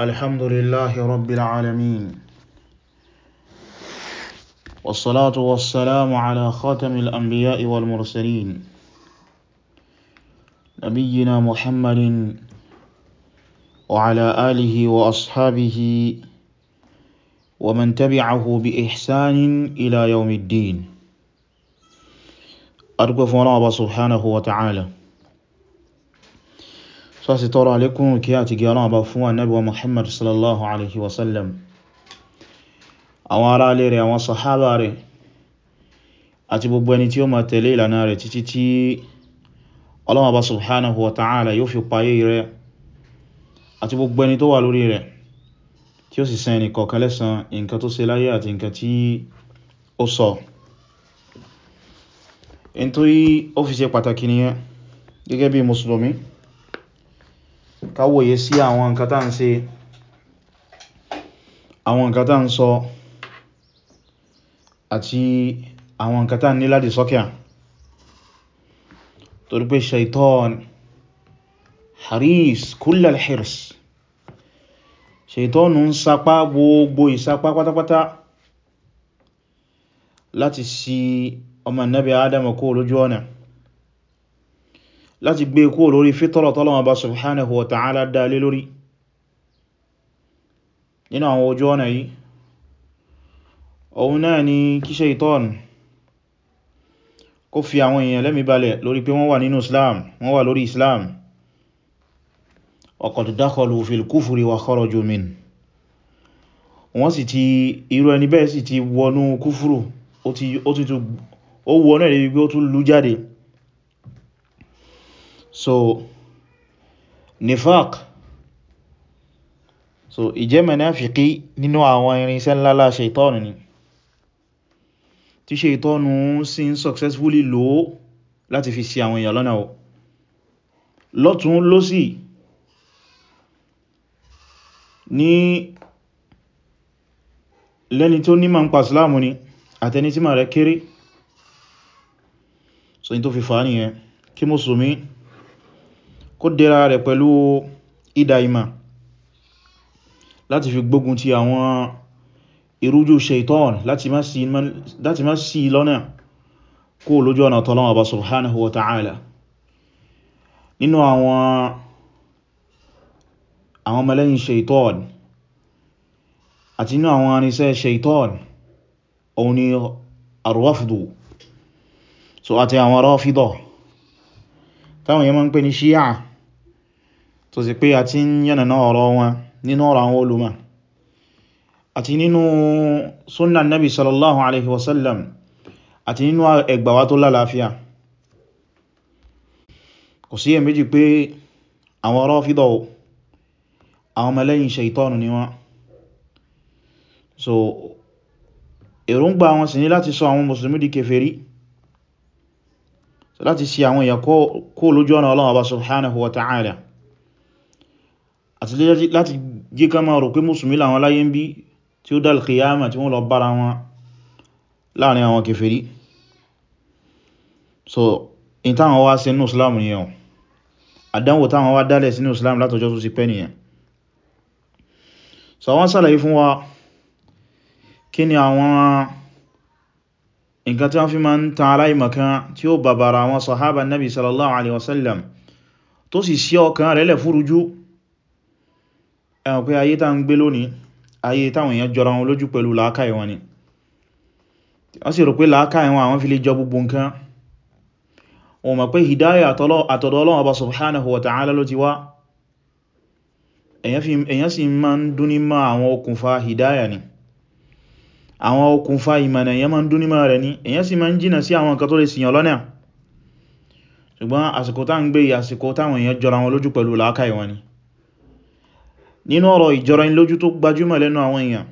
الحمد لله رب العالمين والصلاة والسلام على خاتم الأنبياء والمرسلين نبينا محمد وعلى آله وأصحابه ومن تبعه بإحسان إلى يوم الدين أرجو فراغ سبحانه وتعالى so a sì tọrọ alékún kí a ti gẹ Ọlọ́run bá fún annabuwa Muhammad sallallahu alaihi wasallam àwọn ará alẹ́ rẹ̀ àwọn sahaba rẹ̀ àti gbogbo ẹni tí ó ma tẹ̀lé ìlànà rẹ̀ títí tí Ọlọ́run bá subhanahu wa ta'ala yóò fi payé rẹ̀ àti gbogbo ẹni tó wà lórí rẹ̀ tí ó sì sẹ́ ẹni kọ̀ọ̀kan lẹ́san nǹkan tó ṣe láyé àti nǹkan tí ó sọ in ó fi ṣe pàtàkì nìyẹn gẹ́gẹ́ bí mùsùlùmí káwòye sí àwọn nǹkan tá ń ṣe àwọn nǹkan tá ń sọ àti àwọn nǹkan tá ní láti sọ́kàn torí pé shaitan haris kullal hirs shaitan ń sapá gbogbo ìsapá pátápátá láti ṣì ọmọ nabi adam kó lójú ọ̀nà láti gbé e kúrò lórí fítọ́rọ̀ tọ́lọ́wọ́n bá subhanahu wa ta'ala dalé lórí nínú àwọn ojú ọ̀nà yìí òun náà ni kí Ṣaitan kó fi àwọn èèyàn lẹ́mí balẹ̀ lórí pé wọ́n wà nínú Islam wọ́n wà lórí Islam waqad dakhalu fil kufri wa kharaju min wọ́n sì ti so nifaq so ìjẹ́ mùnáfìkí nínú àwọn irinṣẹ́ ńláńlá ṣeìtọ́nù ni tí ṣeìtọ́nù sí ń successfully lò ó láti fi ṣì àwọn èèyàn lọ́nà o lọ́tún lósì ní lẹ́ni tó ní ma ń pa Ìsìlámù ni àtẹni tí ma rẹ̀ kéré so in tó fi fà nìyẹn kí mùsùlùmí kó dẹra rẹ̀ pẹ̀lú idà ìmà láti fi gbógun ti àwọn ìrújú shaitan láti má ṣì lọ́nà kó lójú ọ̀nà t'Ọlọ́run Ọba subhanahu wa ta'ala nínú àwọn àwọn ọmọlẹ́yìn shaitan àti inú àwọn arinṣẹ́ shaitan òun ni arwafdu so àti àwọn rọ́fídọ̀ táwọn yẹn máa ń pè ní ṣíyà tó sì pé a ti ń yànnàná ọ̀rọ̀ wọn nínú ọ̀rọ̀ àwọn olùmọ̀ àti nínú súnnà nabi sallallahu alaihi wasallam àti nínú ẹgbàwá tó lálàáfíà kò sí èméjì pé àwọn Rāfidah àwọn ọmọlẹ́yìn Ṣaitọ́nù ni wọ́n so èròǹgbà wọn sì ní láti sọ àwọn mùsùlùmí di kèfèrí láti sí àwọn èèyàn lójú ọ̀nà Ọlọ́run Ọba subhanahu wa ta'ala àti láti jẹ́ ká máa rò pé mùsùlùmí làwọn láyé ń bí tí ó dal qiyama tí wọ́n lọ bára wọn láàrin àwọn kèfèrí so in táwọn wá sí inú islam nìyẹn o àdánwò táwọn wá dálẹ̀ sínú islam látọjọ́ tó ti pẹ́ nìyẹn so àwọn sàlàyé fún wa kí ni àwọn nǹkan tí wọ́n fi máa ń tan aláìmọ̀kan tí ó bàbàrà àwọn sahaba nabi sallallahu alaihi wasallam tó sì sí ọkàn rẹ̀lẹ̀ fúrújú ẹmọ̀ pé ayé tá ń gbé lónìí ayé táwọn èèyàn jọra wọn lójú pẹ̀lú làákàí wọn ni wọ́n sì rò pé làákàí wọn àwọn fi lè jọ gbogbo nǹkan wọn mọ̀ pé hidayah àtọ̀dọ̀ Ọlọ́run Ọba subhanahu wa ta'ala ló ti wá èyàn sì ma ni àwọn okùnfà ìmọ̀nà èyàn ma ń dúní ma rẹ̀ ni ṣùgbọ́n àsìkò tá ń gbé àsìkò táwọn èyàn jọra wọn lójú pẹ̀lú làákàí wọn ni nínú ọ̀rọ̀ ìjọraẹnilójú tó gbajúmọ̀ lẹ́nu àwọn èèyàn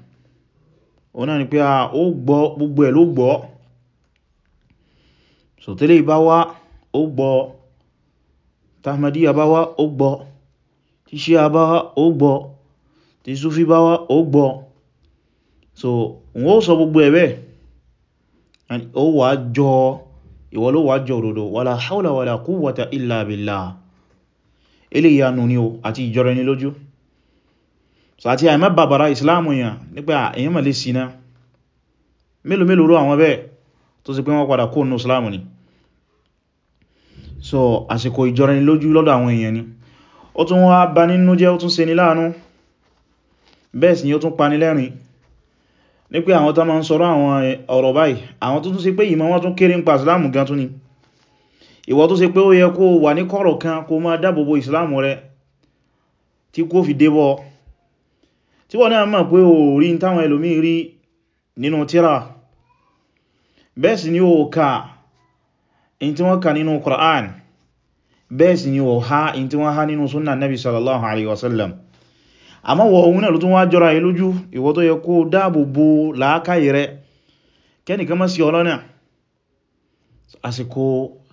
òun náà ni pé ó gbọ́ gbogbo ẹ̀ ló gbọ́ so tẹ́lẹ̀ bá wá ó gbọ́ tahmadiyya bá wá ó gbọ́ tí Shia bá wá ó gbọ́ tí Sufi ó gbọ́ so wọ́n ó sọ gbogbo ẹ̀ ó wà jọ ìwọ ló wà jọ òdodo wala hawla wala quwwata illa billah ilé ìyanu ni o àti ìjọraẹnilójú so àti àìmọ́ bàbàrà islamu yàn nípa èyàn mọ̀ lè sí iná mélòó mélòó rú àwọn bẹ́ẹ̀ tó sì pé wọ́n padà kó nù islamu ni so àsìkò ìjọrin lójú lọ́dọ̀ àwọn èèyàn ni ó tún wá bá nínú jẹ́ ó tún ṣe ní láàánú bẹ́ẹ̀ sì ni ó tún pa ní lẹ́rin ní pé àwọn tó máa ń sọ̀rọ̀ àwọn ọ̀rọ̀ báyìí àwọn tó tún ṣe pé ìmọ̀ wọn tún kéré ń pa ìsìláàmù gan tún ni ìwọ tó ṣe pé ó yẹ kó wà ní kọ̀rọ̀ kan kó máa dáàbòbò ìsìláàmù rẹ tí kó fi débọ̀ tí wọ́n náà mọ̀ pé o rí n táwọn ẹlòmí rí nínú tírà bẹ́ẹ̀ sì ni o kà in tí wọ́n kà nínú Qur'an bẹ́ẹ̀ sì ni o ha in tí wọ́n ha nínú súnnà nabi sallallahu alaihi wasallam àmọ́ wọ ohun náà ló tún wá jọra ẹ lójú ìwọ tó yẹ kó dáàbò bo làákàyè rẹ kẹ́nìkan mọ́ sí ọlọ́nà àsìkò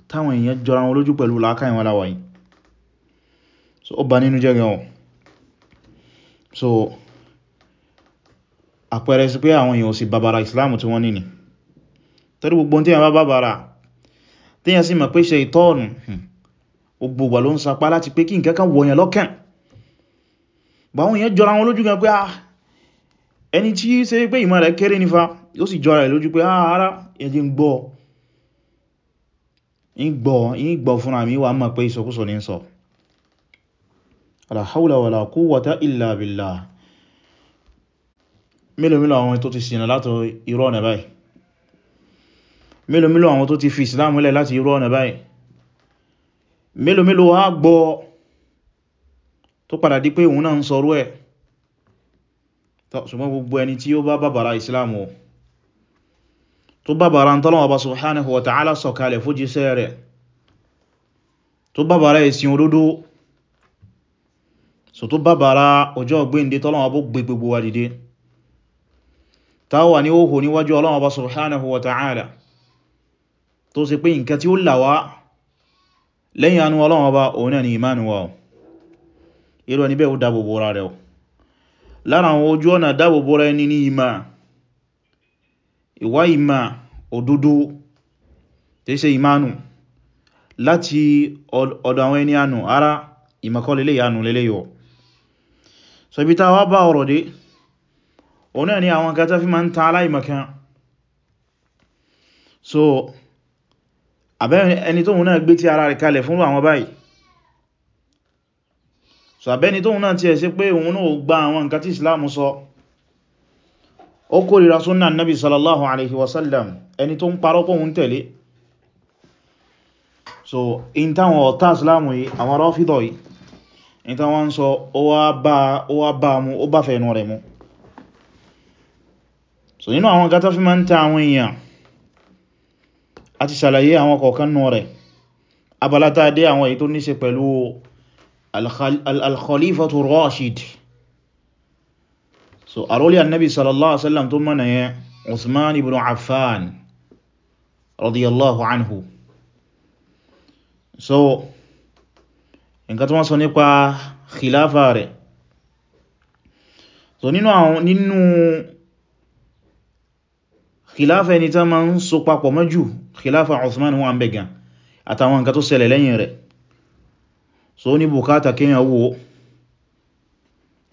táwọn èèyàn jọra wọn lójú pẹ̀lú làákàyè wọn láwàáyí so ó bà nínú jẹ́ gan so àpẹẹrẹ sí pé àwọn èèyàn ò sí bàbàrà Islam tí wọ́n ní ni torí gbogbo tí yàn bá bàbàrà tí yàn sì mọ̀ pé ṣe ìtọ́ọ̀nù gbogbo wà ló ń sapá láti pé kí nǹkan kan wọ̀nyàn lọ́kàn báwọn èèyàn jọra wọn lójú gan pé ah ẹni tí ṣe pé ìmọ̀ rẹ̀ kéré nífa yóò sì jọra ẹ̀ lójú pé ah ara ẹjẹ́ ń gbọ́ ìgbọ̀ fúnra mi wà mọ̀ pé ìsọkúsọ ní sọ la hawla wala quwwata illa billah mélòmílò àwọn tó ti ṣìnà láti irú ọ̀nà báyìí mélòmílò àwọn tó ti fi Islam lẹ̀ láti irú ọ̀nà báyìí mélòmílò wá gbọ́ tó padà di pé òun náà ń sọrú ẹ̀ ṣùgbọ́n gbogbo ẹni tí ó bá bàbàrà Islam o tó bàbàrà t'Ọlọ́run bá subhanahu wa ta'ala sọ̀kalẹ̀ fójíṣẹ́ rẹ̀ tó bàbàrà ìsìn òdodo so tó bàbàrà ọjọ́ ọgbẹ́ ìdí bó gbogbo wa dìde tá wà ní òhò níwájú Ọlọ́run Ọba subhanahu wa ta'ala tó sì pé nǹkan tí ó làwá lẹ́yìn anú Ọlọ́run Ọba òun náà ni ìmánu wa irú ẹni bẹ́ẹ̀ ó dábòbò ra rẹ̀ lára àwọn ojú ọ̀nà dábòbò ra ní ìmá ìwá ìmá òdodo tí ìmánu láti ọ̀dọ̀ àwọn ẹni ànù ara ìmọ̀kọ́ lélẹ̀ yanu òun náà ni àwọn kan tó fi ma ń ta aláìmọ̀kan so àbẹ́ni ẹni tóhun náà gbé tí ara rẹ̀ kalẹ̀ fún àwọn báyìí so àbẹ́ni tóhun náà ti ẹ̀ ṣe pé òun náà gba àwọn nǹkan tí Islam sọ ó kórìíra súnnà nabi sallallahu alaihi wasallam ẹni tó ń parọ́ pọ̀ ń tẹ̀lé so in táwọn ọ̀tá Islam yìí àwọn Rāfidah yìí in táwọn sọ ó wá bá mu ó bá fẹ̀ẹ̀nù rẹ̀ mu so nínú àwọn nǹkan tó fi ma ń ta àwọn èèyàn a ti ṣàlàyé àwọn kọ̀ọ̀kan nù rẹ̀ abalata dé àwọn èyí tó ní ṣe pẹ̀lú al-khalifatu rashid so àrólí annabi sallallahu alaihi wasallam tó mọ́nà yẹn usman ibn affan radiyallahu anhu so nǹkan tó wọ́n sọ nípa khilafa rẹ̀ so nínú khilafa ẹni tán ma ń so papọ̀ mọ́jú khilafa Uthman wọ́n bẹ̀ gan àtàwọn nǹkan tó ṣẹlẹ̀ lẹ́yìn rẹ̀ so ní bukata kíyàn wo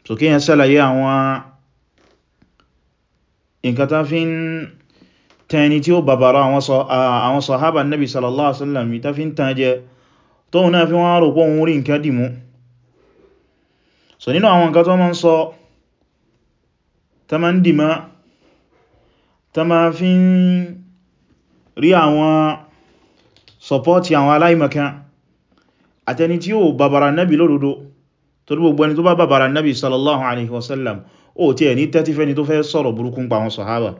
so kíyàn ṣàlàyé àwọn nǹkan tán fi ń tẹni tí ó bàbára àwọn sahaba nabi sallallahu alaihi wasallam ta fi ń tàn jẹ tóhun náà fi wọ́n rò pọ̀ òun rí nǹkan dìmú so nínú àwọn nǹkan tó ma ń sọ ta ma ń dìmá tó ma fi ń rí àwọn sọpọ́tì àwọn aláìmọ̀kan àtẹni tí ó bàbàrà nẹ́bì lódodo torí gbogbo ẹni tó bá bàbàrà nẹ́bì sallallahu alaihi wasallam ó tí ẹ̀ ní tẹ́tí tó fẹ́ sọ̀rọ̀ burúkú pa àwọn sọ̀hábà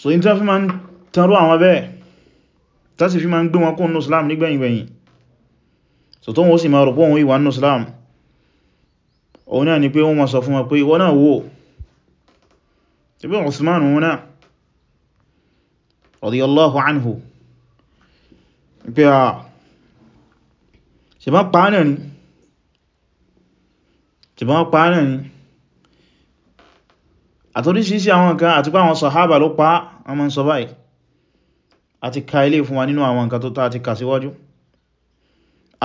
so in fi ma ń tanrú àwọn bẹ́ẹ̀ tásì fi ma ń so tó wọ́n sì ma rò pọ̀ wọn ìwà náà ni pé wọ́n ma sọ fún wọn pé ìwọ náà wò ṣebí Usman húnná radiyallahu anhu pé à ṣebí wọ́n pa náà ni ṣebí wọ́n pa náà ni àtoríṣìíṣìí àwọn nǹkan àti pé àwọn sàhábà ló pa wọ́n ma ń sọ báyìí àti ka ilé fún wa nínú àwọn nǹkan tó tá àti kà síwájú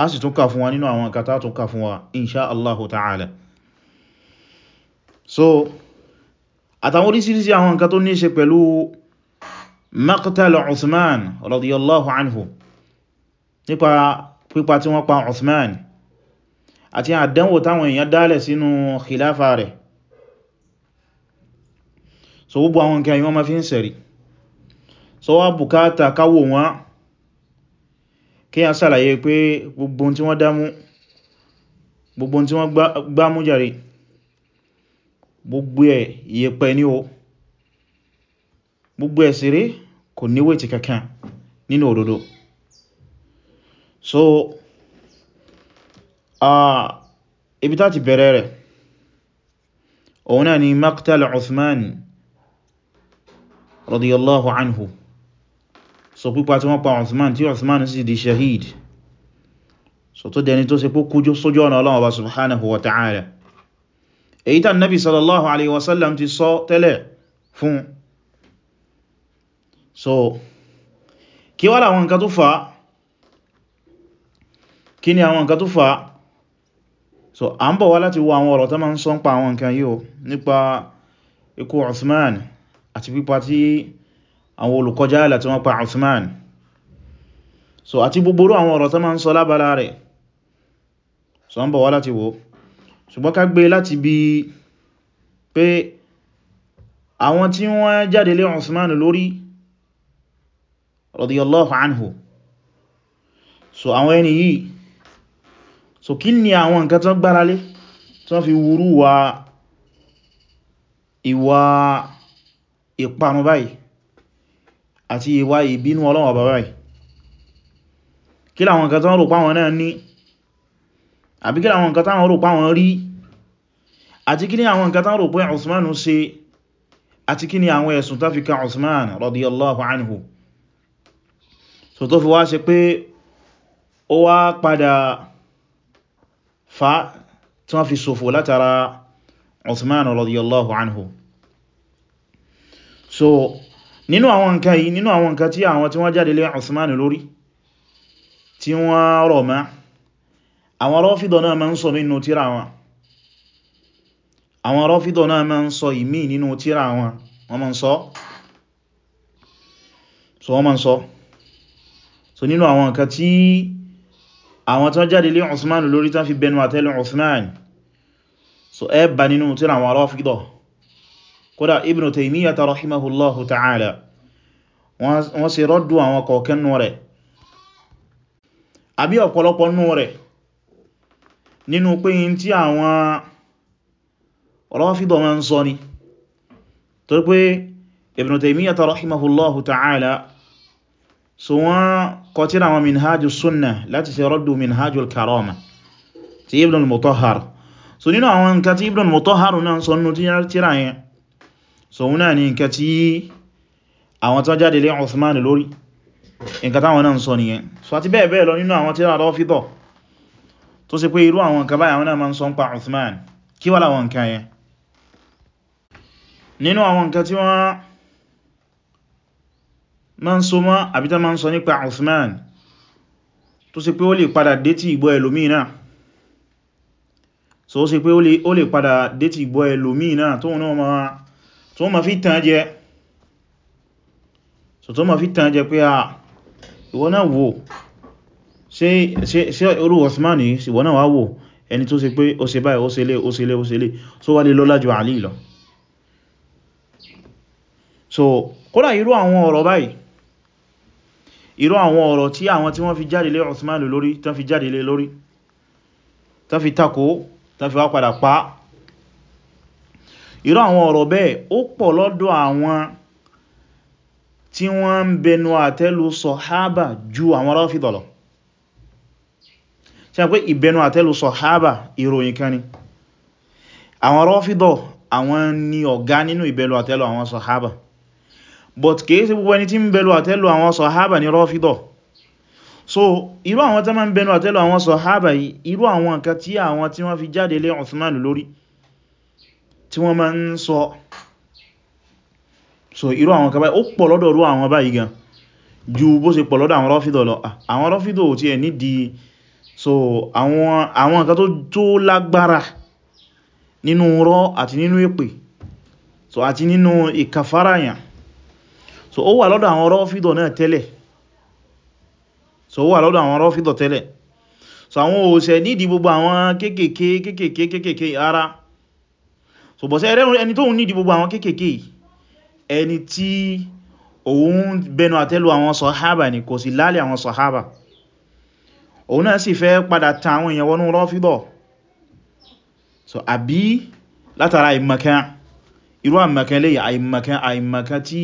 a sì tún kà fún wa nínú àwọn nǹkan tá tún kà fún wa inṣá Allahu ta'ala so àtàwọn orísìírísìí àwọn nǹkan tó ní ṣe pẹ̀lú maqtal Uthman radiyallahu anhu nípa pípa tí wọ́n pa Uthman àti àdánwò táwọn èèyàn dálẹ̀ sínú khilafa rẹ̀ so gbogbo àwọn nǹkan yíwọ́n ma fi ń sẹ̀rí so wá bùkátà káwò wọn kí a sàlàyé pé gbogbo tí wọ́n gbámú jàre gbogbo ẹ̀ iyẹ̀pẹ̀ ni o gbogbo ẹ̀ sì rẹ́ kò ní wéètì kankan nínú òdodo so ibi tá ti bẹ̀rẹ̀ rẹ̀ òun náà ni maktal Uthman radiyallahu anhu so pípa tí wọ́n pa Uthman tí Uthman sì di shahid so tó dẹni tó ṣe pé kújú sójú ọ̀nà Ọlọ́run subhanahu wa ta'ala èyí tàn nábi sallallahu alaihi wasallam ti sọ tẹ́lẹ̀ fún so kí wá láwọn nǹkan tó fà kí ni àwọn nǹkan tó fà so a ń bọ̀ wá láti wo àwọn ọ̀rọ̀ tó ma ń sọ ń pa àwọn nǹkan yíò nípa ikú Uthman àti pípa tí àwọn olùkọjá àlà tí wọ́n pa Uthman so àti gbogbo àwọn ọ̀rọ̀ tó ma ń sọ lábára rẹ̀ so a ń bọ̀ wá láti wo ṣùgbọ́n ká gbé e láti bí pé àwọn tí wọ́n jáde lé Usman lórí radiyallahu anhu so àwọn ẹni yìí so kí ni àwọn nǹkan tó gbára lé tí wọ́n fi wúrú wa ìwà ìpanu báyìí àti ìwà ìbínú Ọlọ́run báyìí kí làwọn nǹkan tó rò pàwọn náà ní àbí kí àwọn nǹkan táwọn rò páwọn rí àti kí ni àwọn nǹkan táwọn rò pé Usman ṣe àti kí ni àwọn ẹ̀sùn tó fi kan Usman radiyallahu anhu so tó fi wá ṣe pé ó wá padà fa tí wọ́n fi ṣòfò látara Usman radiyallahu anhu so nínú àwọn nǹkan yìí nínú àwọn nǹkan tí àwọn tí wọ́n jáde lé Usman lórí tí wọ́n rọ̀ máa àwọn rọ́fídọ̀ náà ma ń sọ nínú tíra wọn àwọn rọ́fídọ̀ náà ma ń sọ ìmí nínú tíra wọn wọ́n ma ń sọ so wọ́n ma ń sọ so nínú àwọn nǹkan tí àwọn tán jáde lé Usman lórí tán fi bẹnu àtẹ́lù Usman so ẹ bá nínú tíra àwọn rọ́fídọ̀ kódà Ibn Taymiyyah rahimahullahu ta'ala wọ́n sì rọ́dù àwọn kọ̀ọ̀kan nú rẹ̀ àbí ọ̀pọ̀lọpọ̀ nú rẹ̀ nínú pé yí tí àwọn Rāfidah ma ń sọ ni tó pé Ibn Taymiyyah rahimahullahu ta'ala so wọ́n kọtíra wọn minhajjú súnnà láti ṣe rọ́dù minhajjú karama ti Ibn al-Mutahhar so nínú àwọn nǹkan tí Ibn al-Mutahhar náà sọ nínú tíra yẹn so wọ́n náà ni nǹkan tí àwọn tó jáde lé Uthman lórí nǹkan táwọn náà sọ nìyẹn so àti bẹ́ẹ̀ bẹ́ẹ̀ lọ nínú àwọn tíra Rāfidah tó ṣe pé irú àwọn nǹkan báyìí àwọn náà ma ń sọ ń pa Uthman kí wà láwọn nǹkan yẹn nínú àwọn nǹkan tí wọ́n ma ń so mọ́ àbítá ma ń sọ nípa Uthman tó ṣe pé ó lè padà dé tí ìgbọ́ ẹlòmíì náà so ó ṣe pé ó lè padà dé tí ìgbọ́ ẹlòmíì náà tó ma fi tàn jẹ so tó ma fi tàn jẹ pé à ìwọ náà wò ṣe orú osman yìí ṣìwọ́n náà wá wò ẹni tó ṣe pé ó ṣe báyìí ó ṣe lé ó ṣe lé ó ṣe lé so wá lè lọ́lá ju àlì lọ so kódà irú àwọn ọ̀rọ̀ báyìí irú àwọn ọ̀rọ̀ tí àwọn tí wọ́n fi jáde lé osman lórí tán fi jáde lé lórí tán fi takò tán fi wá padà pa irú àwọn ọ̀rọ̀ bẹ́ẹ̀ ó pọ̀ lọ́dọ̀ àwọn tí wọ́n ń bẹnu àtẹ́lù sọ̀hábà ju àwọn Rāfidah lọ ṣe pé ìbẹnu àtẹ́lù sọ̀hábà ìròyìn kan ni àwọn rọ́fídọ̀ àwọn ni ọ̀gá nínú ìbẹ̀lù àtẹ́lù àwọn sọ̀hábà but kìí sí gbogbo ẹni tí ń bẹ̀lù àtẹ́lù àwọn sọ̀hábà ni rọ́fídọ̀ so irú àwọn tẹ́ máa ń bẹ̀lù àtẹ́lù àwọn sọ̀hábà yìí irú àwọn nǹkan tí àwọn tí wọ́n fi jáde lé Uthman lórí tí wọ́n máa ń sọ so irú àwọn kan báyìí ó pọ̀ lọ́dọ̀ irú àwọn báyìí gan ju bó ṣe pọ̀ lọ́dọ̀ àwọn rọ́fídọ̀ lọ àwọn rọ́fídọ̀ ò tiẹ̀ nídìí so àwọn àwọn nǹkan tó tó lágbára nínú irọ́ àti nínú èpè so àti nínú ìkàfàràyàn so ó wà lọ́dọ̀ àwọn Rọ́fídọ̀ náà tẹ́lẹ̀ so ó wà lọ́dọ̀ àwọn Rọ́fídọ̀ tẹ́lẹ̀ so àwọn òṣẹ̀ nídìí gbogbo àwọn kéèkèé kéèkèé kéèkèé ara so bọ̀sẹ̀ ẹni tó ń nídìí gbogbo àwọn kéèkèé ẹni tí òun bẹnu àtẹ́lù àwọn sàhábà ni kò sì lálẹ́ àwọn sàhábà òun náà sì fẹ́ padà ta àwọn èèyàn wọnú Rọ́fídọ̀ so àbí látara ìmọ̀kan irú àmọ̀kan lè àìmọ̀kan àìmọ̀kan tí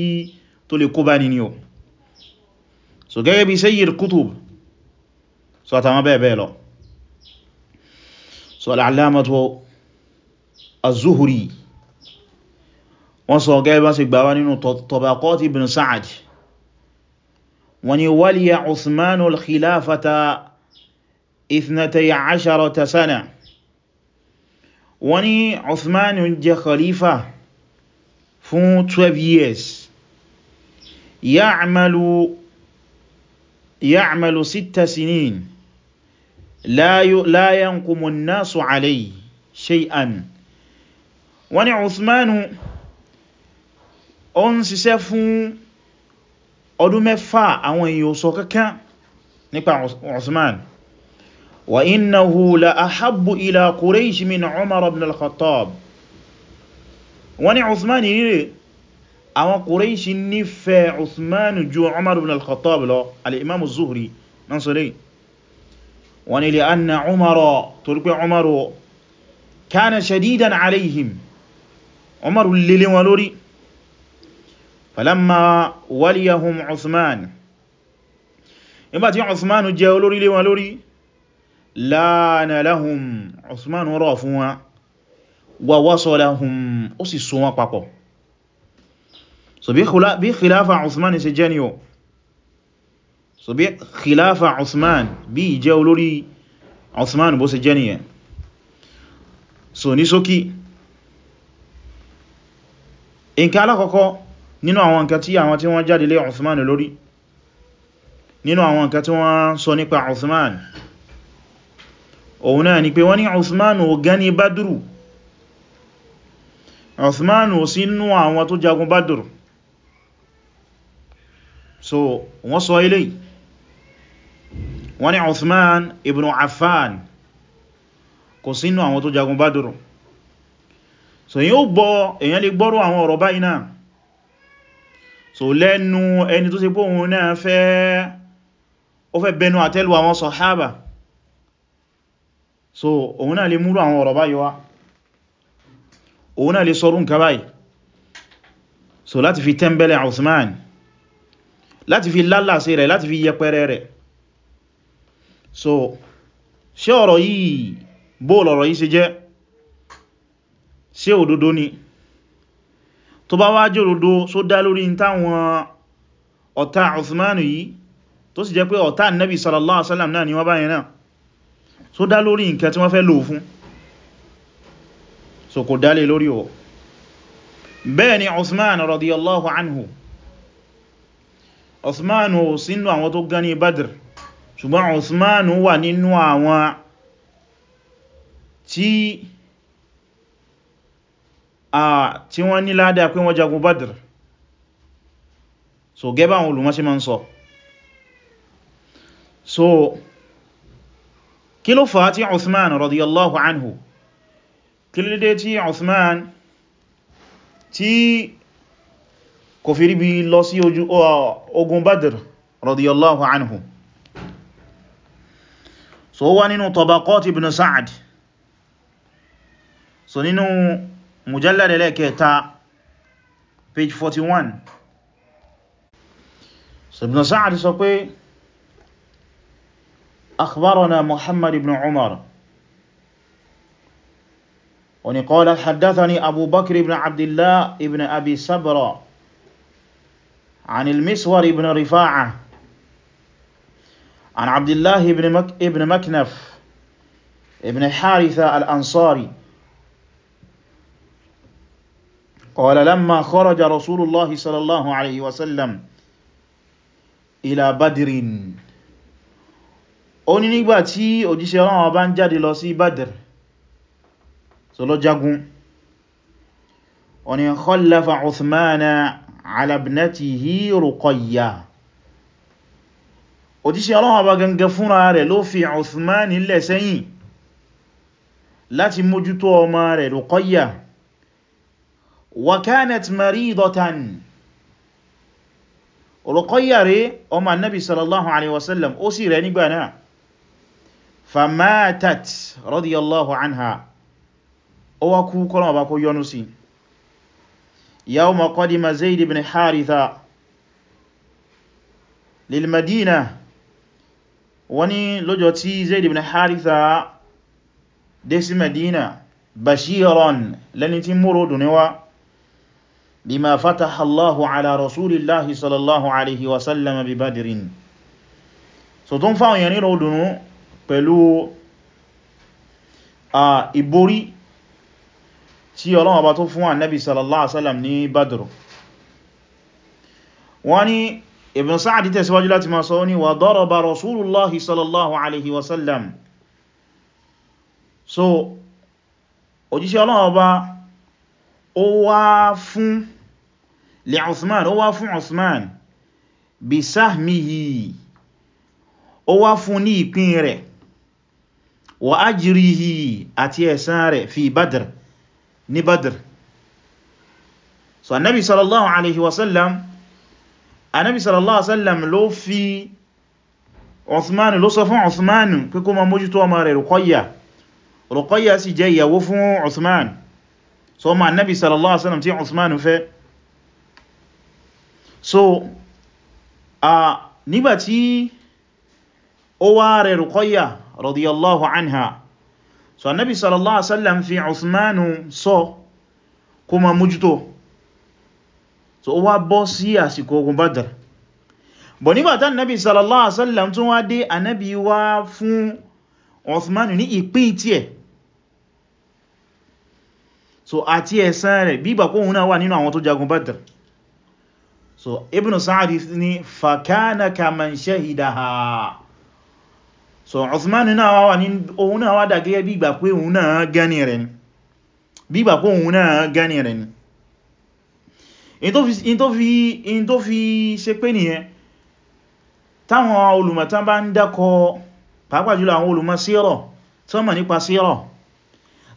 tó lè kó bá ní ni o so gẹ́gẹ́ bí Sayyid Qutb so àtàwọn bẹ́ẹ̀ bẹ́ẹ̀ lọ so al-Allamatu az-Zuhri wọ́n sọ gẹ́gẹ́ bá sì gbà wá nínú Tabaqat ibn Sa'd wọ́n waliya Uthmanu khilafata ithnatay asharata sana wọ́n ní Uthman jẹ́ khalifa fún 12 years ya'malu ya'malu sitta sinin la yanqumu an-nasu alayhi shay'an wọ́n ní Uthman ó ń ṣiṣẹ́ fún ọdún mẹ́fà àwọn èèyàn sọ kankan nípa Uthman وإنه لأحب إلى قريش من عمر بن الخطاب wọ́n ní Uthman rírẹ̀ àwọn Quraysh nífẹ̀ẹ́ Uthman ju Umar ibn al-Khattab lọ al-Imam az-Zuhri náà sọ́lẹ̀ wọ́n ní li'anna Umar torípé Umar kana shadidan alayhim Umar lèlé wọn lórí falamma waliyahum Uthman nígbàtí Uthman jẹ́ olórí lé wọn lórí láàánà lahum Usman rọ̀ fún wa wa wasalahum ó sì so wọn papọ̀ so bí khilafa Usman ṣe jẹ́ ni o so bí khilafa Usman bí ìjẹ́ olórí Usman bó ṣe jẹ́ ni yẹn so ní ṣókí nǹkan alákọ̀ọ́kọ́ nínú àwọn nǹkan tí àwọn tí wọ́n jáde lé Usman lórí nínú àwọn nǹkan tí wọ́n sọ nípa Usman òun náà ni pé wọ́n ní osmanu gani badru osmanu sínú àwọn tó jagun badru so wọ́n sọ ilé wọ́n ní osman ibn affan kò sínú àwọn tó jagun badru so yíò gbọ́ èyàn lè gbọ́rọ̀ àwọn ọ̀rọ̀ báyìí náà so lẹ́nu ẹni tó ṣe pé òun náà fẹ́ bẹnu àtẹ́lù àwọn sàhábà so, so òun náà lè múrú àwọn ọ̀rọ̀ báyìí wá òun náà lè sọrú nǹkan báyìí so láti fi tẹ́m̀bẹ̀lẹ̀ Uthman láti fi lálàsí rẹ̀ láti fi yẹpẹrẹ rẹ̀ so ṣé ọ̀rọ̀ yìí bóòl ọ̀rọ̀ yìí ṣe jẹ́ ṣé òdodo ni tó bá wá jẹ́ òdodo só dá lórí táwọn ọ̀tá Uthman yìí tó sì jẹ́ pé ọ̀tá Nabi sallallahu alaihi wasallam náà ni wọ́n báyìí náà so dá lórí nǹkan tí wọ́n fẹ́ lò fún so kò dálé lórí ọ̀ bẹ́ẹ̀ ni Usman radiyallahu anhu Usman ò sínú àwọn tó gani Badr ṣùgbọ́n Usman wà nínú àwọn tí a tí wọ́n ní ládá pé wọ́n jagun Badr so gẹ́bà àwọn olùmọ́sí ma ń sọ so kí ló fàá tí Uthman radiyallahu anhu kí ló dé tí Uthman tí kò fi ríbi lọ sí ogun Badr radiyallahu anhu so wá nínú Tabaqat ibn Sa'd so nínú mujallad ẹlẹ́kẹta page 41 so ibn Sa'd sọ pé أخبرنا محمد بن عمر ونقال حدثني أبو بكر بن عبد الله بن أبي سبرى عن المسور بن رفاعة عن عبد الله بن, مك بن مكنف بن حارثة الأنصاري قال لما خرج رسول الله صلى الله عليه وسلم إلى بدر ó ní nígbà tí òjíṣẹ́ Ọlọ́run ọba ń jáde lọ sí Badr so lọ jagun ó ní khallafa Uthmana ala ibnatihi Ruqayya òjíṣẹ́ Ọlọ́run ọba gangan fúnra rẹ̀ ló fi Uthman lẹ̀ sẹ́yìn láti mójútó ọmọ rẹ̀ Ruqayya wa kanat maridatan Ruqayya rẹ̀ ọmọ annabi sallallahu alaihi wasallam ó sì rẹ̀ nígbà náà famatat radiyallahu anha ó wá kú kọ́lọ̀ bá kó yọnú sí yawma qadima zaid ibn haritha lil madina wani lọ́jọ́ tí zaid ibn haritha dé sí madina bashiran lẹni tí múrò dùnníwá bima fataha Allahu ala rasulillahi sallallahu alaihi wasallam bi badirin so tó fáwọn yẹn nílò pẹ̀lú ìborí tí Ọlọ́run bá tó fún Ànábì sallallahu alaihi wasallam ní Badr wọ́n ní Ibn Sa'd tẹ̀síwájú láti máa sọ ní wa daraba Rasulullahi sallallahu alaihi wasallam so òjíṣẹ́ Ọlọ́run ọba ó wá fún li Uthman ó wá fún Uthman bí sáhmihi ó wá fún ní ìpín rẹ̀ wa ajrihi àti ẹ̀san rẹ̀ fi badr ní badr so annabi sallallahu alaihi wasallam annabi sallallahu alaihi wasallam ló fi Uthman ló sọ fún Uthman pé kó ma mójútó ọmọ rẹ̀ Ruqayya Ruqayya sì jẹ́ ìyàwó fún Uthman so ma annabi sallallahu alaihi wasallam tí Uthman fẹ́ so a nígbàtí ó wá rẹ̀ Ruqayya radiyallahu anha so annabi sallallahu alaihi wasallam fi uthmanu sọ kó ma mójútó so ó wá bọ́ sí àsìkò ogun badr bọ̀ nígbàtá annabi sallallahu alaihi wasallam tún wá dé annabi wá fún uthmanu ní ìpín tí ẹ̀ so àti ẹ̀san rẹ̀ bí ìgbà kóhun náà wà nínú àwọn tó jagun badr so ibn sa'adi ni fakana kaman shahidaha so Uthman náà wà ní ohun náà wà dàgẹ́ bí ìgbà pé òun náà gani rẹ̀ ni bí ìgbà pé òun náà gani rẹ̀ ni in tó fi ṣe pé nìyẹn táwọn olùmọ̀tán bá ń dákọ pàápàá jùlọ àwọn olùmọ̀ sírọ̀ tí mọ̀ nípa sírọ̀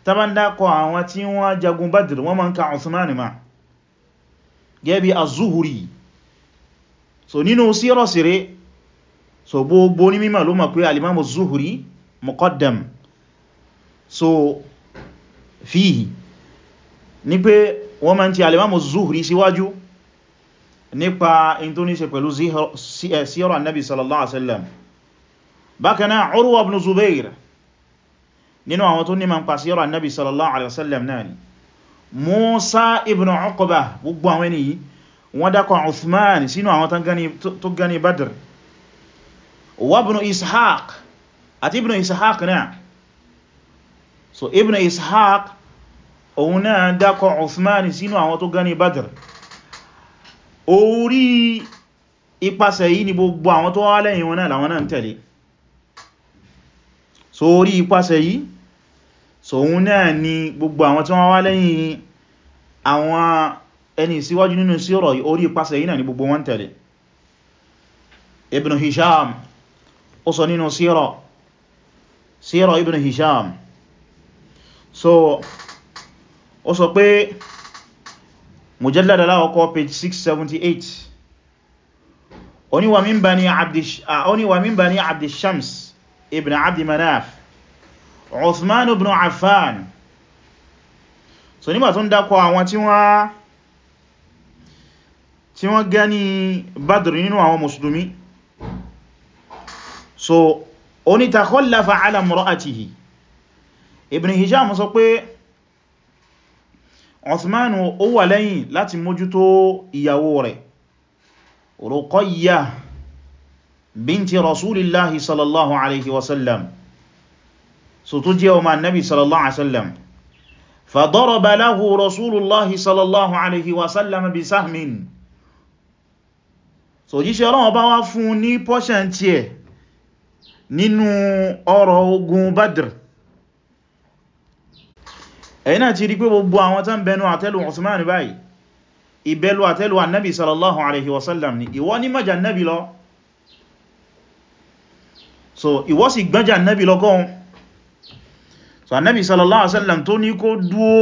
tá bá ń dákọ àwọn tí wọ́n jagun Badr wọ́n máa ń ka Uthman ma gẹ́bí az so nínú sírọ̀ sírẹ́ so gbogbo ní mímọ̀ ló mọ̀ pé alimamu zuhuri muqaddam so fihi ní pé wọ́n ma ń ti alimamu zuhuri síwájú nípa in tó ní ṣe pẹ̀lú síyọ́rọ̀ eh, annabi sallallahu alaihi wasallam bákanáà urwa ibn zubair nínú àwọn tó ní ma ń pa síyọ́rọ̀ annabi sallallahu alaihi wasallam náà ni musa wabnu ishaq àti ibnu ishaq náà so ibnu ishaq òun náà dákọ̀ uthman sínú àwọn tó gani badr orí ipasẹ̀ yìí ni gbogbo àwọn tó wá lẹ́yìn wọn náà làwọn náà tẹ̀lé so orí ipasẹ̀ yìí so òun náà ni gbogbo àwọn tí wọ́n wá lẹ́yìn àwọn ẹni síwájú nínú sí ọ̀rọ̀ orí ipasẹ̀ yìí náà ni gbogbo wọn tẹ̀lé ibnu hisham ó sọ nínú síra síra ibn hisham so ó sọ pé mujallada láwọ́kọ́ page 678 oníwà min bani abdish oníwà min bani abdishams ibn abdi manaf ibn affan so nígbà tó ń dákọ àwọn tí wọ́n tí wọ́n gani badr nínú àwọn mùsùlùmí so oni takhallafa ala imra'atihi ibn hisham sọ pé Uthman ó wà lẹ́yìn láti mójútó ìyàwó rẹ̀ Ruqayyah binti rasulillahi sallallahu alaihi wasallam so tó jẹ́ ọmọ annabi sallallahu alaihi wasallam فضرب له رسول الله صلى الله عليه وسلم بسهم so jíṣẹ́ ọlọ́wọ́ bá wá fún ní pọ́ṣẹ̀ nínú ọ̀rọ̀ ogun badr ẹ̀yin náà ti rí pé gbogbo àwọn tán bẹnu àtẹ́lù Usman báyìí ìbẹ̀lú àtẹ́lù annabi sallallahu alaihi wasallam ni ìwọ ní mọ́jà annabi lọ so ìwọ sì gbọ́njà annabi lọ kọ́ so annabi sallallahu alaihi wasallam tó ní kó dúó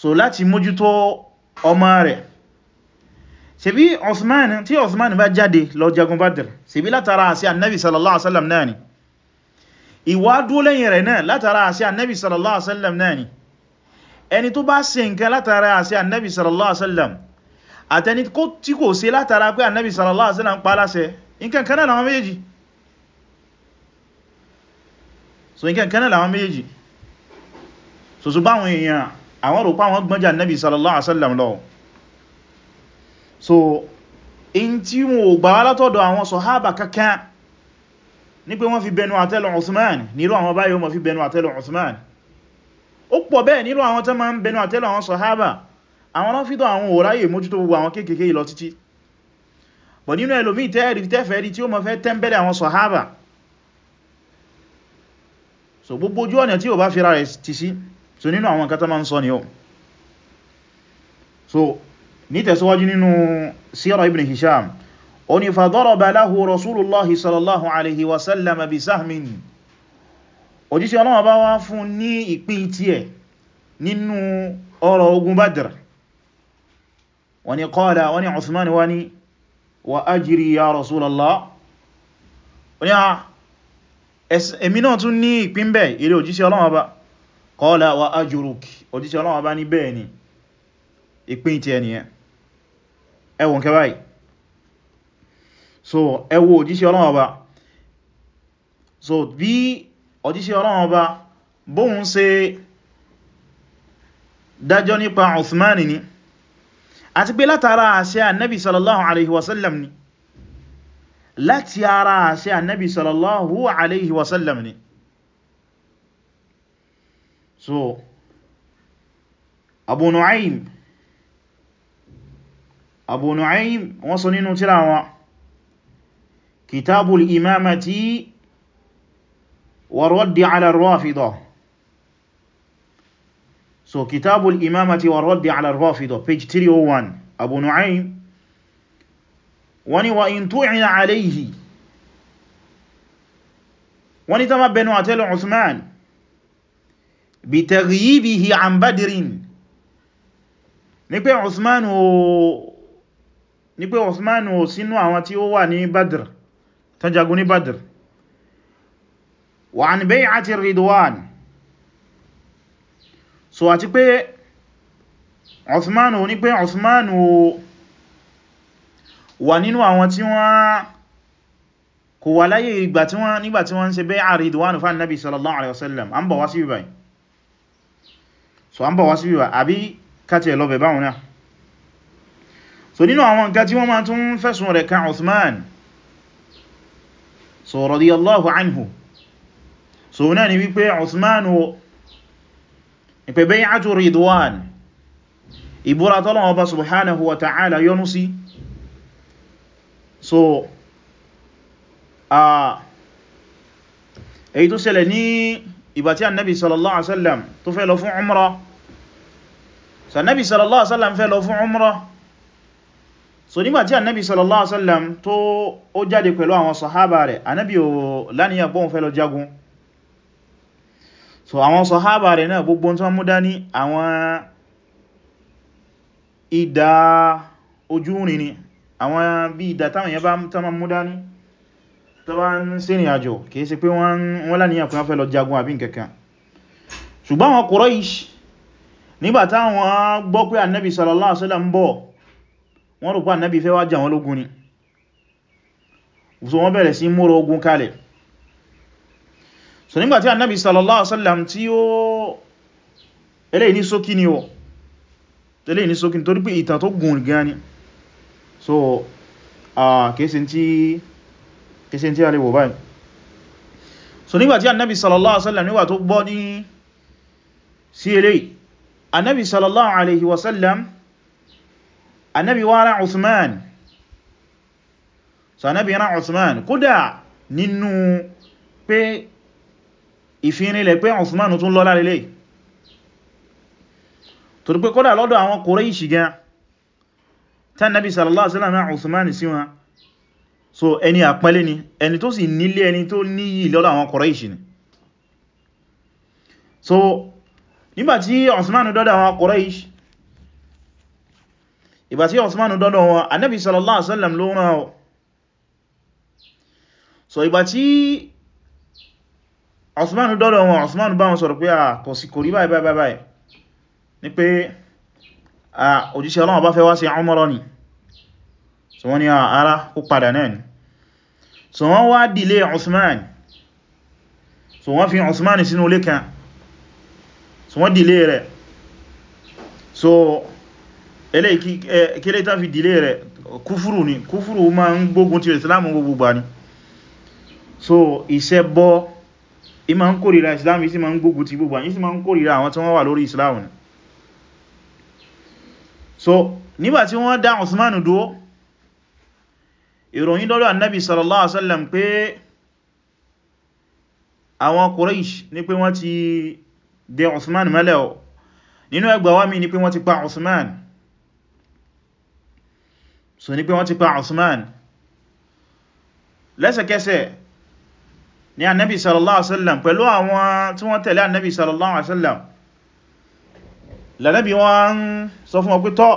so láti mójútó ọmọ rẹ̀ ṣebí osman tí osman bá jáde lọ jagun badr ṣebí látara àṣẹ annabi sallallahu alaihi wasallam náà ni ìwà dúó lẹ́yìn rẹ̀ náà látara àṣẹ annabi sallallahu alaihi wasallam náà ni ẹni tó bá ṣe nǹkan látara àṣẹ annabi sallallahu alaihi wasallam àtẹni tí kò ṣe látara pé annabi sallallahu alaihi wasallam pa láṣẹ nǹkan kan náà làwọn méjèèjì so nǹkan kan náà làwọn méjèèjì so so báwọn èèyàn àwọn rò pa àwọn gbọ́njà annabi sallallahu alaihi wasallam lọ́wọ́ so in tí wọ́n gbà wá látọ̀dọ̀ àwọn sọ̀hábà kankan ní pé wọ́n fi bẹnu àtẹ́lù Uthman nílò àwọn báyìí wọ́n fi bẹnu àtẹ́lù Uthman ó pọ̀ bẹ́ẹ̀ nílò àwọn tó máa ń bẹnu àtẹ́lù àwọn sọ̀hábà àwọn rọ́fídọ̀ àwọn òráyè mójútó gbogbo àwọn kéèkéé ìlọ títí bọ̀ nínú ẹlòmí tẹ́ẹ̀rí tẹ́fẹ́ rí tí ó mọ́ fẹ́ tẹ́m̀bẹ̀lẹ̀ àwọn sọ̀hábà so gbogbo ojú ọ̀nà tí ó bá fi ra rẹ̀ ti sí so nínú àwọn nǹkan tó máa ń ni ó so ní tẹ̀síwájú nínú síra ibn hisham ó ní fàdọ́rọ̀bà láhù rasulullahi sallallahu alaihi wasallama bi sahmin òjíṣẹ́ ọlọ́wọ́ bá wá fún ní ìpín tí ẹ̀ nínú ọrọ̀ ogun badr wani qala wani usman wani wa ajiri ya rasulallah ah, ìpín tí ẹ̀ ẹwọ nkẹ báyìí so ẹwọ òjíṣẹ́ Ọlọ́run ọba so bí òjíṣẹ́ Ọlọ́run ọba bóhun ṣe dájọ́ nípa Uthman ni àti pé látara àṣẹ annabi sallallahu alaihi wasallam ni láti ara àṣẹ annabi sallallahu alaihi wasallam ni so Abu Nu'aym Abu Nu'aym wọ́n sọ nínú tírà wọn kitabul imamati wa raddi ala ar so kitabul imamati wa raddi ala ar page 301 Abu Nu'aym wani wa in tu'ina alayhi wani ta mabbenu atelu Usman bi taghyibihi an Badrin ní pé Usman o ní pé Osman ò sínú àwọn tí ó wà ní Badr tán jagun ní Badr wa an bay'ati Ridwan so àti pé Osman ò ní pé Osman ò wà nínú àwọn tí wọ́n kò wà láyé ìgbà tí wọ́n nígbà tí wọ́n ń ṣe bay'a Ridwan fún Nabi sallallahu alaihi wasallam an bọ̀ wá sí bíbáyìí so an bọ̀ wá sí bíbáyìí àbí kàtẹ̀ lọ báwọn náà so nínú àwọn nǹkan tí wọ́n máa tún fẹ̀sùn rẹ̀ kan Uthman so radiyallahu anhu so náà ni wípé Uthman o ìpẹ̀ bay'atu ridwan ìbúra tọ́lọ̀ ọba subhanahu wa ta'ala yọ́nú sí so èyí tó ṣẹlẹ̀ ní ìgbà annabi sallallahu alaihi wasallam tó fẹ́ lọ fún umra so annabi sallallahu alaihi wasallam fẹ́ lọ fún umra so nígbàtí annabi sallallahu alaihi wasallam tó ó jáde pẹ̀lú àwọn sahaba rẹ̀ annabi ó lániyàn bóun fẹ́ lọ jagun so àwọn sahaba rẹ̀ náà gbogbo tó mú dání àwọn ìdá ojú ni àwọn bí ìdá táwọn yẹn bá tánmà mú dání tó bá ń ṣe àjò kìí ṣe pé wọ́n lániyàn pé fẹ́ lọ jagun àbí nǹkankan ṣùgbọ́n àwọn gbọ́ pé annabi sallallahu alaihi wasallam ń wọ́n rò pé ànábì fẹ́ wá jà wọ́n lógun ni so wọ́n bẹ̀rẹ̀ sí múra ogun kalẹ̀ so nígbàtí ànábì sallallahu alaihi wasallam tí ó eléyìí ní ṣókí ni ó eléyìí ní ṣókí torí pé ìtàn tó gùn gan ni so kèsí tí a lè wò báyìí so nígbàtí annabi sallallahu alaihi wasallam nígbà tó gbọ́ ní sí anábi wá rán Uthman so anábi rán Uthman kódà nínú pé ìfinilẹ̀ pé Uthman tún lọ́lá lélẹ̀ torí pé kódà lọ́dọ̀ àwọn Quraishi gan tán nábi sallallahu alaihi wasallam rán Uthman sí wọn so ẹni àpẹẹlẹ́ ni ẹni tó sì nílé ẹni tó níyì lọ́dọ̀ àwọn Quraishi ni so nígbàtí Uthman dọ́dọ̀ àwọn Quraishi ìgbà tí Osmanu dọ́dọ̀ wọn Ànábì sallallahu alaihi wasallam ló rán ọ so ìgbà tí Osmanu dọ́dọ̀ wọn Osmanu bá wọn sọ̀rọ̀ pé à kò sí kò rí báyìí báyìí báyìí ní so wọ́n ní ara kó so wọ́n wá dìlé Osman so wọ́n fi Osman sínú so wọ́n dìlé so eléyìí kílé tán fi dìlé rẹ̀ kúfúrù ní kúfúrù ma ń gbógun ti islamu gbogbo gbà ní so iṣẹ́ bọ́ i ma ń kórìíra islamu isi ma ń gbógun ti gbogbo isi ma ń kórìíra àwọn tí wọ́n wà lórí islamu ní so nígbàtí wọ́n dá Usman dúó ìròyìn dọ́lọ́ annabi sallallahu alaihi wasallam pé àwọn Quraysh ní pé wọ́n ti dé Usman mẹ́lẹ̀ nínú ẹgbàwá mi ní pé wọ́n ti pa Usman so ní pé wọ́n ti pa Usman lẹ́sẹ̀kẹsẹ̀ ní annabi sallallahu alaihi wasallam pẹ̀lú àwọn tí wọ́n tẹ̀lé annabi sallallahu alaihi wasallam lẹ́nàbí wọ́n sọ fún ọgbé tọ́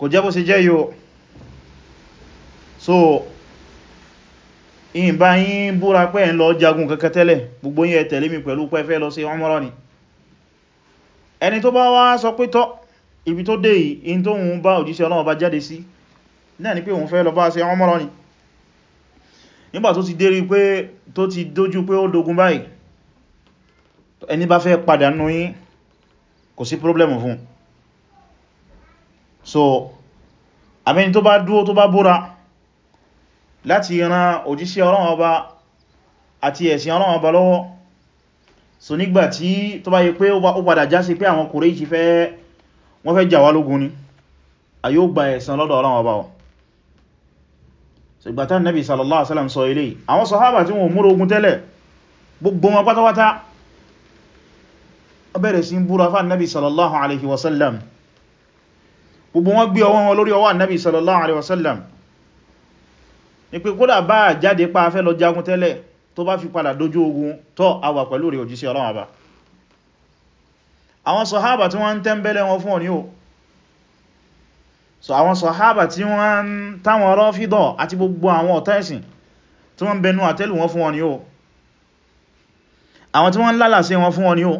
kò jẹ́ bó ṣe jẹ́ yóò so in bá yín búra pé ń lọ jagun kankan tẹ́lẹ̀ gbogbo yín ẹ tẹ̀lé mi pẹ̀lú pé fẹ́ lọ sí umrah ni ẹni tó bá wá sọ pé tọ́ ibi tó dé in tó ń bá òjíṣẹ́ Ọlọ́run bá jáde sí náà ni pé òun fẹ́ lọ bá ṣe ọmọrọ ni nígbà tó ti dérí pé tó ti dójú pé ó dogun báyìí ẹni bá fẹ́ padà nù yín kò sí problemu fún so àmẹ́ni tó bá dúó tó bá búra láti ran òjíṣẹ́ Ọlọ́run ọba àti ẹ̀sìn Ọlọ́run ọba lọ́wọ́ so nígbàtí tó bá yẹ pé ó padà já sí pé àwọn Kùrẹ́ṣì fẹ́ wọ́n fẹ́ jà wá lógun ni a yóò gba ẹ̀san lọ́dọ̀ Ọlọ́run Ọba wa so ìgbà tí Nabi sallallahu alaihi wasallam sọ eléyìí àwọn sàhábà tí wọ́n múrò ogun tẹ́lẹ̀ gbogbo wọn pátápátá ó bẹ̀rẹ̀ sí búra fún Nabi sallallahu alaihi wasallam gbogbo wọn gbé ọwọ́ wọn lórí ọwọ́ Nabi sallallahu alaihi wasallam ni pé kódà bá jáde pa afẹ́ àwọn sọ̀hábà tí wọ́n ń tẹ́m̀bẹ̀lẹ̀ wọn fún òní o so àwọn sọ̀hábà tí wọ́n ń táwọn rọ́fídọ̀ àti gbogbo àwọn ọ̀tá ẹ̀sìn tí wọ́n bẹnu àtẹ́lù wọn fún òní o àwọn tí wọ́n lálàsẹ́ wọn fún òní o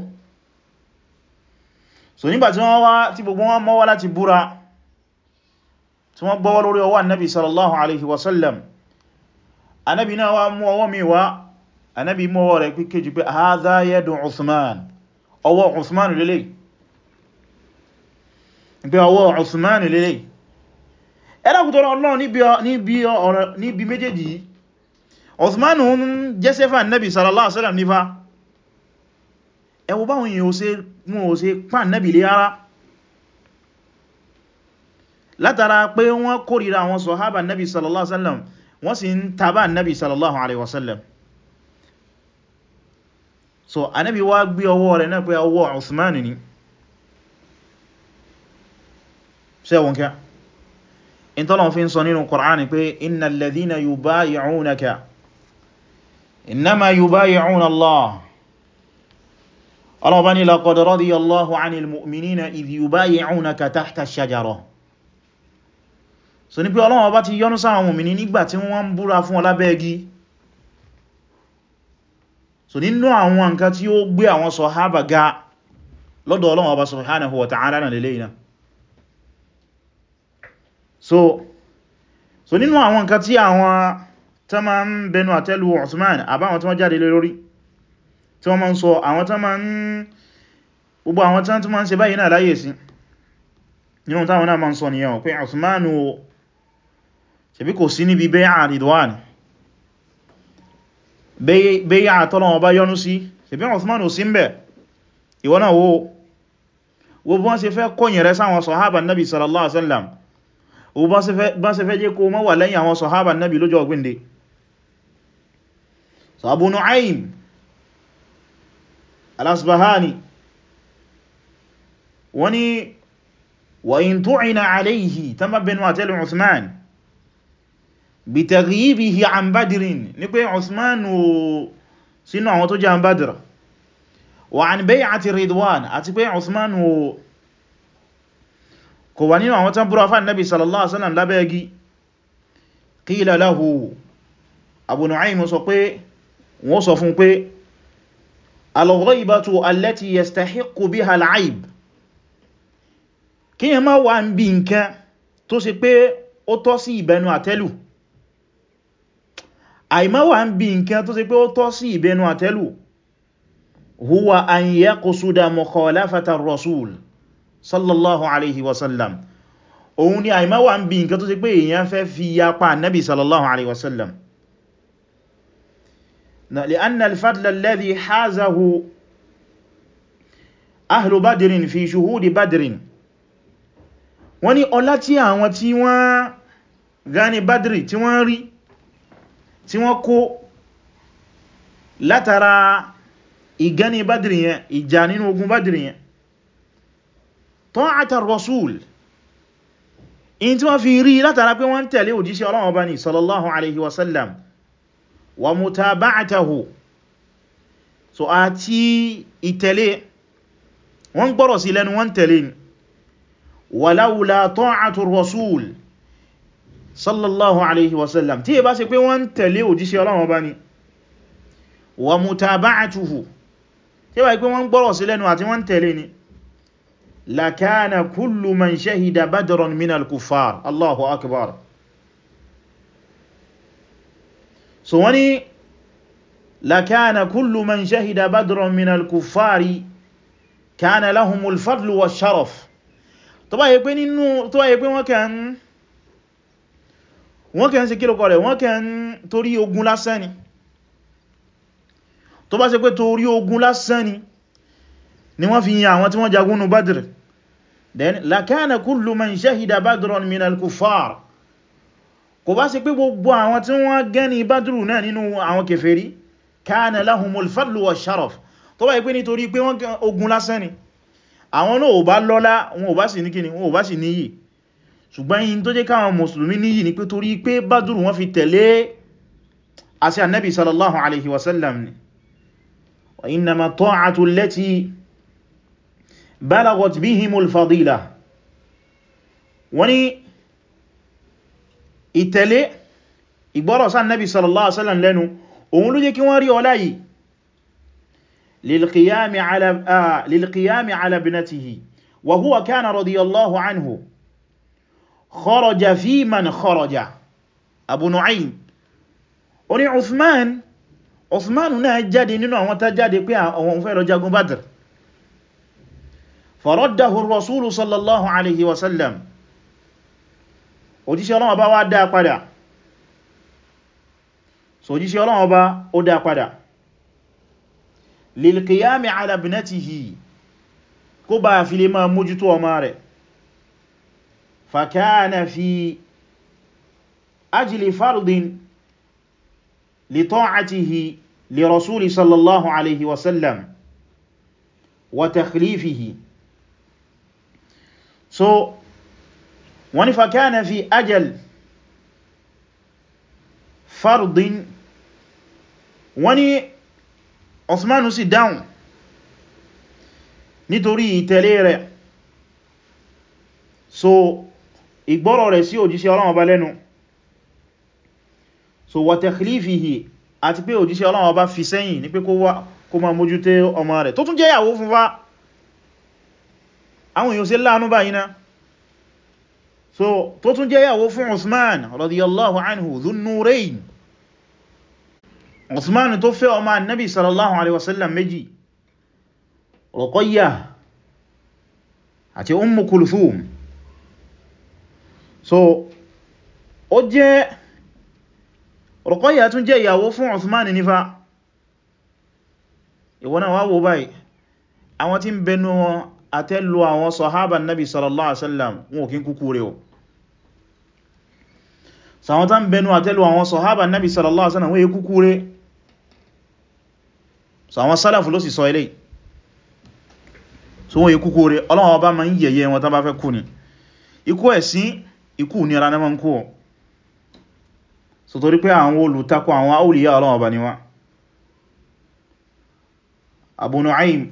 so nígbà tí wọ́n wá tí gbogbo wọn mọ́wá láti búra tí wọ́n gbọ́wọ́ lórí ọwọ́ annabi sallallahu alaihi wasallam annabi náà wá mú ọwọ́ mi wá annabi mú rẹ̀ pé kejì pé hadha yadu Uthman ọwọ́ Usman lélẹ̀ pé ọwọ́ Usman lélẹ̀ ẹ̀dàkùtọ̀rọ̀ Ọlọ́run níbi méjèèjì yìí Usman ń jẹ́sẹ́ fà nẹ́bì sallallahu alaihi wasallam nífà ẹwọ báwọn èèyàn mú o ṣe pàn nẹ́bì lé ara látara pé wọ́n kórìíra àwọn sọ̀hábà nẹ́bì sallallahu alaihi wasallam wọ́n sì ń tabà nẹ́bì sallallahu so anábi wá gbé ọwọ́ rẹ̀ náà pé ọwọ́ Usman ni sẹ́wọ̀n kẹ́ in tọ́lọ̀ fi ń sọ nínú Qur'ani pé innal ladhina yubayi'unaka innama yubayi'una Allah ọlọ́ọ̀bá ní laqad radiyallahu 'anil mu'minina idh yubayi'unaka tahta ash-shajara so ní pé Ọlọ́run bá ti yọ́nú sáwọn mùmìnì nígbà tí wọ́n ń búra fún ọ so nínú àwọn nǹkan tí ó gbé àwọn sàhábà ga lọ́dọ̀ Ọlọ́run Ọba subhanahu wa ta'ala náà lélẹ́yìn náà so so nínú àwọn nǹkan tí àwọn tó ma ń bẹnu àtẹ́lù Uthman àbáwọn tó wọ́n jáde lórí tí wọ́n ma ń so, àwọn tó ma ń gbogbo àwọn tó ma ń ṣe báyìí náà láyé sí nínú táwọn náà ma ń sọ nìyẹn pé Uthman ṣebí kò sí níbi bay'a Ridwan bẹ́yà àtọ́lọ́wọ́ bá yọnú sí ṣebí Uthman ò sí ń bẹ̀ ìwọ náà wo wo bọ́n ṣe fẹ́ kóyìn rẹ sáwọn sọ̀hábà nabi sallallahu alaihi wasallam wo bọ́n ṣe fẹ́ jẹ́ kó mọ́ wà lẹ́yìn àwọn sọ̀hábà nabi lọ́jọ́ ọgbìnde so Abu bitaghibihi an badirin ní pé osman o sínú àwọn tó jẹ́ an badir wa an bay'ati ridwan àti pé osman o kò wà nínú àwọn tán búra fán nabi sallallahu alaihi wasallam lábẹ́gi qila lahu abu nu'aym sọ pé wọ́n sọ fún pé al-ghaibatu ó tọ́ sí ìbẹnu àtẹ́lù àìmọ́ wà ń bí nǹkan tó ṣe pé ó tọ́ sí ìbẹnu àtẹ́lù huwa an yaqsuda mukhalafata ar-rasul sallallahu alaihi wasallam òun ni àìmọ́ wà ń bí nǹkan tó ṣe pé èyàn fẹ́ fi yapa nabi sallallahu alaihi wasallam na li'anna al-fadla alladhi hazahu ahlu badrin fi shuhudi badrin wọ́n ọlá tí àwọn tí wọ́n gani badri tí wọ́n rí tí wọ́n kó látara ìgani badri yẹn ìjà nínú ogun badri yẹn ta'ata ar-rasul in tí wọ́n fi rí látara pé wọ́n tẹ̀lé òjíṣẹ́ Ọlọ́run ọba ní sallallahu alaihi wasallam wa mutaba'atahu so àti ìtẹ̀lé wọ́n gbọ́rọ̀ sí lẹ́nu wọ́n tẹ̀lé ni wa lawla ta'atu ar-rasul sallallahu alaihi wasallam tí è bá ṣe pé wọ́n tẹ̀lé òjíṣẹ́ Ọlọ́run Ọba ni wa mutaba'atuhu tí è bá ṣe pé wọ́n gbọ́rọ̀ sí lẹ́nu àti wọ́n tẹ̀lé ni lakana kullu man shahida badran min al-kuffar Allahu akbar so wani lakana kullu man shahida badran min al-kuffari kana lahumul fadlu wa sharaf tó bá yẹ pé nínú tó bá yẹ pé wọ́n kàn wọ́n kẹ́ ń ṣe kílùkọ rẹ̀ wọ́n kẹ́ ń torí ogun lásán ni tó bá ṣe pé torí ogun lásán ni ni wọ́n fi yin àwọn tí wọ́n jagun nù badr then lakana kullu man shahida badran min al-kuffar kò bá ṣe pé gbogbo àwọn tí wọ́n gẹ́ni badru náà nínú àwọn kèfèrí kana ṣùgbọ́n yìí tó jẹ́ káwọn mùsùlùmí níyì ni pé torí pé bádùrù wọ́n fi tẹ̀lé àṣẹ annabi sallallahu alaihi wasallam ni wa innama ta'atu allati balagot bihimul fadila wani ìtẹ̀lé ìgbọ́rọ̀ sí annabi sallallahu للقيام على للقيام على ló وهو كان رضي الله عنه kharaja fi man kharaja Abu Nu'aym ó ní Uthman Uthman náà jáde nínú àwọn tá jáde pé àwọn fẹ́ lọ jagun Badr faraddahu ar-rasulu sallallahu alaihi wasallam òjíṣẹ́ Ọlọ́run bá wá dá padà so òjíṣẹ́ Ọlọ́run bá ó dá padà lil qiyami kó bá fi lè máa mójútó ọmọ rẹ̀ فكان في أجل فرض لطاعته لرسول صلى الله عليه وسلم وتخليفه so wọ́n ni فكان في أجل فرض wọ́n ni Osmanu sì dáhùn nítorí ìtẹ̀lé rẹ̀ so ìgbọ́rọ̀ rẹ̀ sí òjíṣẹ́ Ọlọ́run Ọba lẹ́nu so wa takhlifihi àti pé òjíṣẹ́ Ọlọ́run Ọba fi sẹ́yìn ní pé kó ma mójútó ọmọ rẹ̀ tó tún jẹ́ ìyàwó fún fa àwọn èèyàn ṣe láàánú báyìí so tó tún jẹ́ ìyàwó fún Usman radiyallahu anhu dhunnurayn Usman tó fẹ́ ọmọ annabi sallallahu alaihi wasallam méjì Ruqayyah àti Ummu Kulthum so ó jẹ́ Ruqayyah tún jẹ́ ìyàwó fún Uthman nífà ìwọ náà wá wò báyìí àwọn tí ń bẹnu wọn àtẹ́lù àwọn sọ̀hábà nabi sallallahu alaihi wasallam wọn ò kí ń kúkú rẹ̀ o sàwọn tán bẹnu àtẹ́lù àwọn sọ̀hábà nabi sallallahu alaihi wasallam wọn èé kúkú rẹ̀ sàwọn sálàfù ló sì sọ ilé so wọn èé kúkú rẹ̀ Ọlọ́run bá ma ń yẹ̀yẹ́ wọn tán bá fẹ́ kú ni ikú ẹ̀sìn ikú nira na mọ́n kúọ̀ so torí pé àwọn olùtakọ àwọn awliya Ọlọ́run Ọba ni wá Abu Nu'aym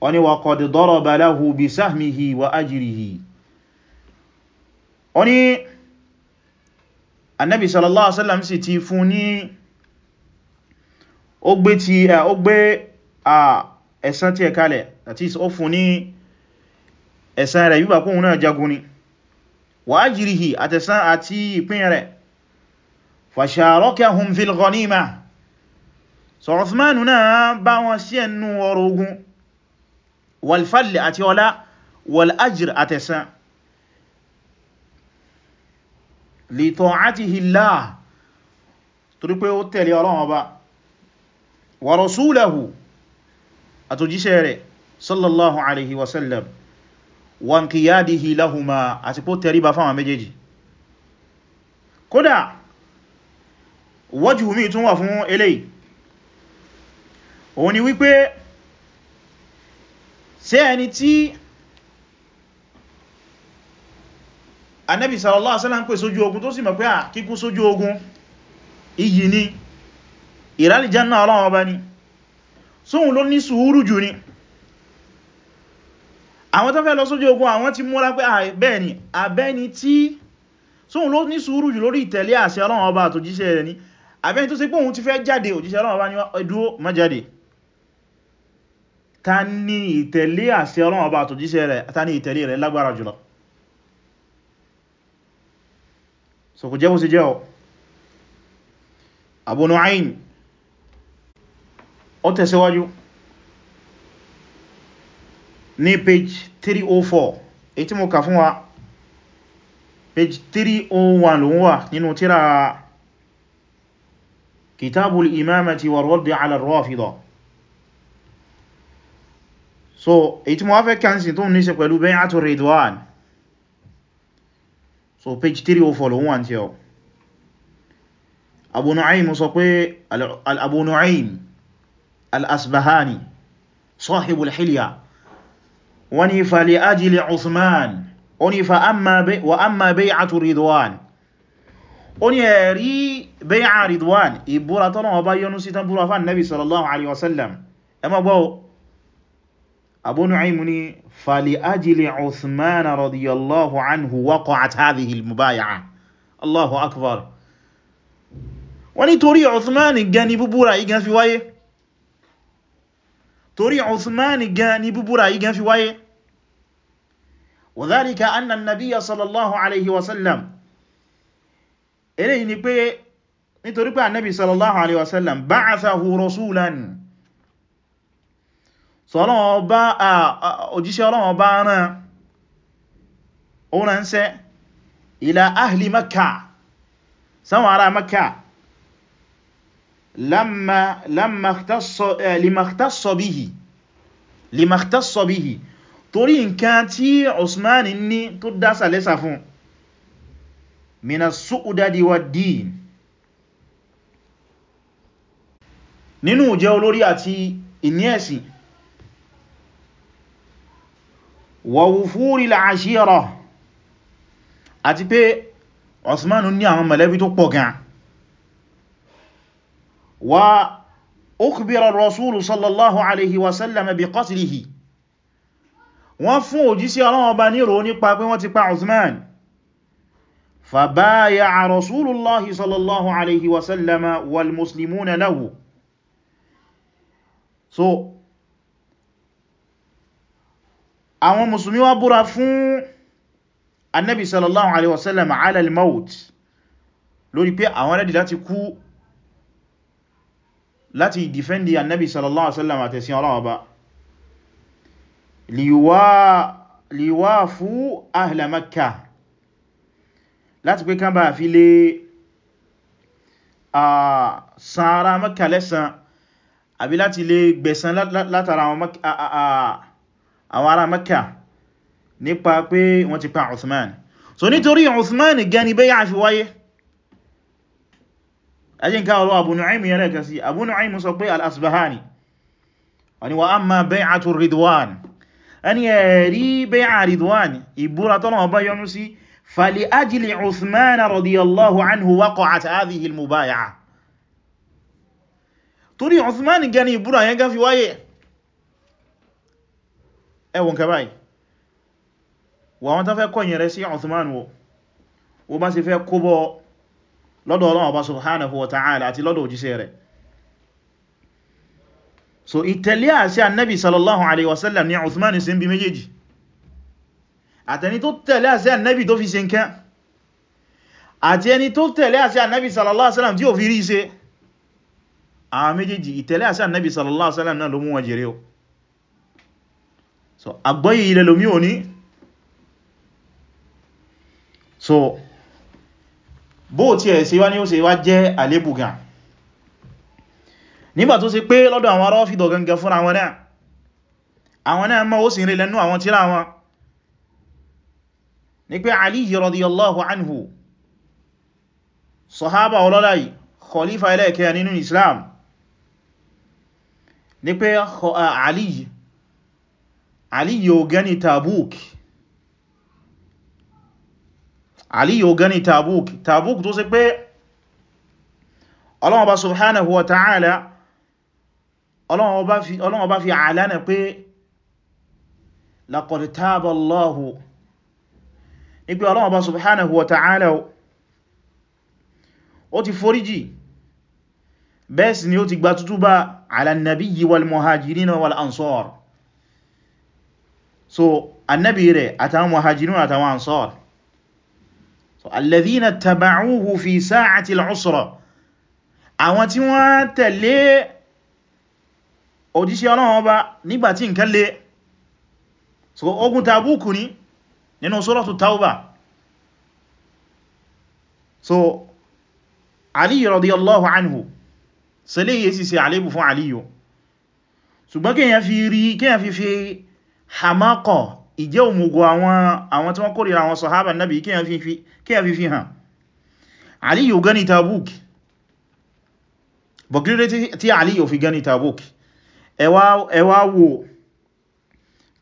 wọ́n ni wa qad daraba lahu bi sahmihi wa ajrihi wọ́n ni annabi sallallahu alaihi wasallam sì ti fún ní ó gbé ti ó gbé tí ẹ̀ kalẹ̀ àti ó fún ní ẹ̀san rẹ̀ yíba kóhun náà jagun ni wa ajrihi àtẹ̀san àti ìpín rẹ̀ fasharakahum fil ghanima so Uthman náà bá wọn sí ẹnu ọrọ̀ ogun wal fadl àti ọlá wal ajr àtẹ̀san li ta'atihi Allah ó tẹ̀lé Ọlọ́run Ọba wa àtòjíṣẹ́ rẹ̀ sallallahu alaihi wasallam wọn kì yá dì hì láhùmá àti pó tẹríba fáwọn méjèèjì kódà wọ́jù mi tún wà fún eléyìí òun ni wípé ṣé ẹni tí Ànábì sallallahu alaihi wasallam ń pè sójú ogun tó sì mọ̀ pé à kíkú sójú ogun iyì ni ìrálìjánà Ọlọ́run ọba ni sóhun ló ní sùúrù jù ni àwọn tó fẹ́ lọ sójú ogun àwọn ti múra pé àbẹ́ni àbẹ́ni tí sóhun ló ní sùúrù jù lórí ìtẹ̀lé àṣẹ Ọlọ́run ọba àtòjíṣẹ́ rẹ̀ ní àbẹ́ni tó ṣe pé òun ti fẹ́ jáde òjíṣẹ́ Ọlọ́run ọba ní ẹdúró má jáde ta ni ìtẹ̀lé àṣẹ Ọlọ́run ọba àtòjíṣẹ́ rẹ̀ ta ni ìtẹ̀lé rẹ̀ lágbára jùlọ so kò jẹ́ bó ṣe jẹ́ ọ Abu Nu'aym ó tẹ̀síwájú ní page 304 èyí tí mo kà fún wa page 301 ló wà nínú tírà kitabul imamati wa raddi ala rafida so èyí tí mo wá fẹ́ kẹ́ǹsì tó ní ṣe pẹ̀lú bay'atu ridwan so page 304 ló wà tí ọ Abu Nu'aym sọ pé al-Abu Nu'aym al-Asbahani wọ́n ni fa li ajli Uthman ó ní fa amma bay'atu Ridwan ó ní ẹ̀rí bay'a Ridwan ìbúra tọ́nà ọba yọnú sí tán búra fán nabi sallallahu alaihi wasallam ẹ ma Abu Nu'aym ni fa li ajli Uthman radiyallahu anhu waqa'at hadhihi al-mubaya'a Allahu akbar wọ́n ni torí Uthman gan igan fi wáyé torí Uthman gan ní búbúra yìí gan fi wáyé wa dhalika anna an-nabiyya sallallahu alaihi wasallam eléyìí ni pé nítorí pé annabi sallallahu alaihi wasallam ba'athahu rasulan òjíṣẹ́ Ọlọ́run bá rán ó ránṣẹ́ ila ahli Makkah sáwọn ará لما لما اختص لما اختص به لما اختص به torí nǹkan tí Usman ní tó dásà lẹ́sà fún mina su'udadi wa din nínú jẹ́ olórí àti ìní ẹ̀sìn wa àti pé Usman ní àwọn mọ̀lẹ́bí tó pọ̀ gan وأخبر الرسول صلى الله عليه وسلم بقتله wọ́n fún òjísí ọlọ́wọ́ bá ní ròó nípa pé wọ́n ti pa Uthman فبايع رسول الله صلى الله عليه وسلم والمسلمون له so àwọn musulmi wá búra fún annabi sallallahu alaihi wasallam ala al-maut lórí pé àwọn rẹ̀dì láti kú láti dìfẹ́ndì annabi sallallahu alaihi wasallam àtẹ̀sìn ọlọ́wọ́ ba liwa fún ahla makka láti pé kán bá fi lè san ará makka lẹ́san àbí láti lè gbẹ̀san látara àwọn ará makka nípa pé wọ́n ti pa Uthman so nítorí Uthman gani bẹ́yà fi wáyé ẹjẹ́ nǹkan ọlọ́ Abu Nu'aym yẹn lẹ́ẹ̀kan sí Abu Nu'aym sọ pé al-Asbahani wani wa amma bay'atu Ridwan ẹni ẹ̀rí bay'a Ridwan ìbúra tọ́nà ọba yọnú sí fali ajili Uthman radiyallahu anhu waqa'at hadhihi al-mubay'ah torí Uthman gani ìbúra yẹn gan fi wáyé ẹwọ̀n kẹbàáyì wà wọn tán fẹ́ kọ́yìn rẹ̀ wo bá sì fẹ́ kóbọ̀ lọ́dọ̀ Ọlọ́run Ọba subhanahu wa ta'ala àti lọ́dọ̀ òjíṣẹ́ rẹ̀ so ìtẹ̀lé àṣẹ annabi sallallahu alaihi wasallam ni Uthman sí ń bí méjèèjì àtẹni tó tẹ̀lé àṣẹ annabi tó fi ṣe nǹkan àti ẹni tó tẹ̀lé àṣẹ annabi sallallahu alaihi wasallam tí ò fi rí ṣe so àgbọ́yé ilẹ̀ lomi so bó ti ẹ̀ ṣe wá ní ó ṣe wá jẹ́ àlébùgàn nígbà tó ṣe pé lọ́dọ̀ àwọn Rāfidah gangan fún àwọn náà àwọn náà mọ́ ó sì rí lẹ́nu àwọn tíra wọn ní pé Àlí radiyallahu anhu sọ̀hábà ọlọ́lá yìí khalifa ẹlẹ́ẹ̀kẹ́ nínú Islam ní pé Àlí Àlí yóò Tabuk Ali yóò gani Tabuk Tabuk tó ṣe pé Ọlọ́run Ọba subhanahu wa ta'ala Ọlọ́run Ọba fi àlánà pé laqad taba Allahu ní pé Ọlọ́run Ọba subhanahu wa ta'ala ó ti foríjì bẹ́ẹ̀ sì ni ó ti gba tútúbà ala nabiyyi wal muhajirina wal ansar so annabi rẹ̀ àtàwọn muhajirina àtàwọn ansar so alladhina taba'uhu fi sa'ati al-usra àwọn tí wọ́n tẹ̀lé òjíṣẹ́ Ọlọ́run Ọba nígbàtí nǹkan le so ogun Tabuku ni nínú suratu Tawbah so Ali radiyallahu anhu sẹlẹ̀ yìí sì ṣe àlébù fún Aliyu ṣùgbọ́n kíyàn fi rí kíyàn fi fi hamakọ̀ ìjẹ́ òmùgọ̀ àwọn tí wọ́n kórìíra àwọn sọ̀hábà nábi kí a fi fi hàn Àlí yóò gani Tabuk bọ̀gírí tí Àlí yóò fi gani Tabuk ẹwà wò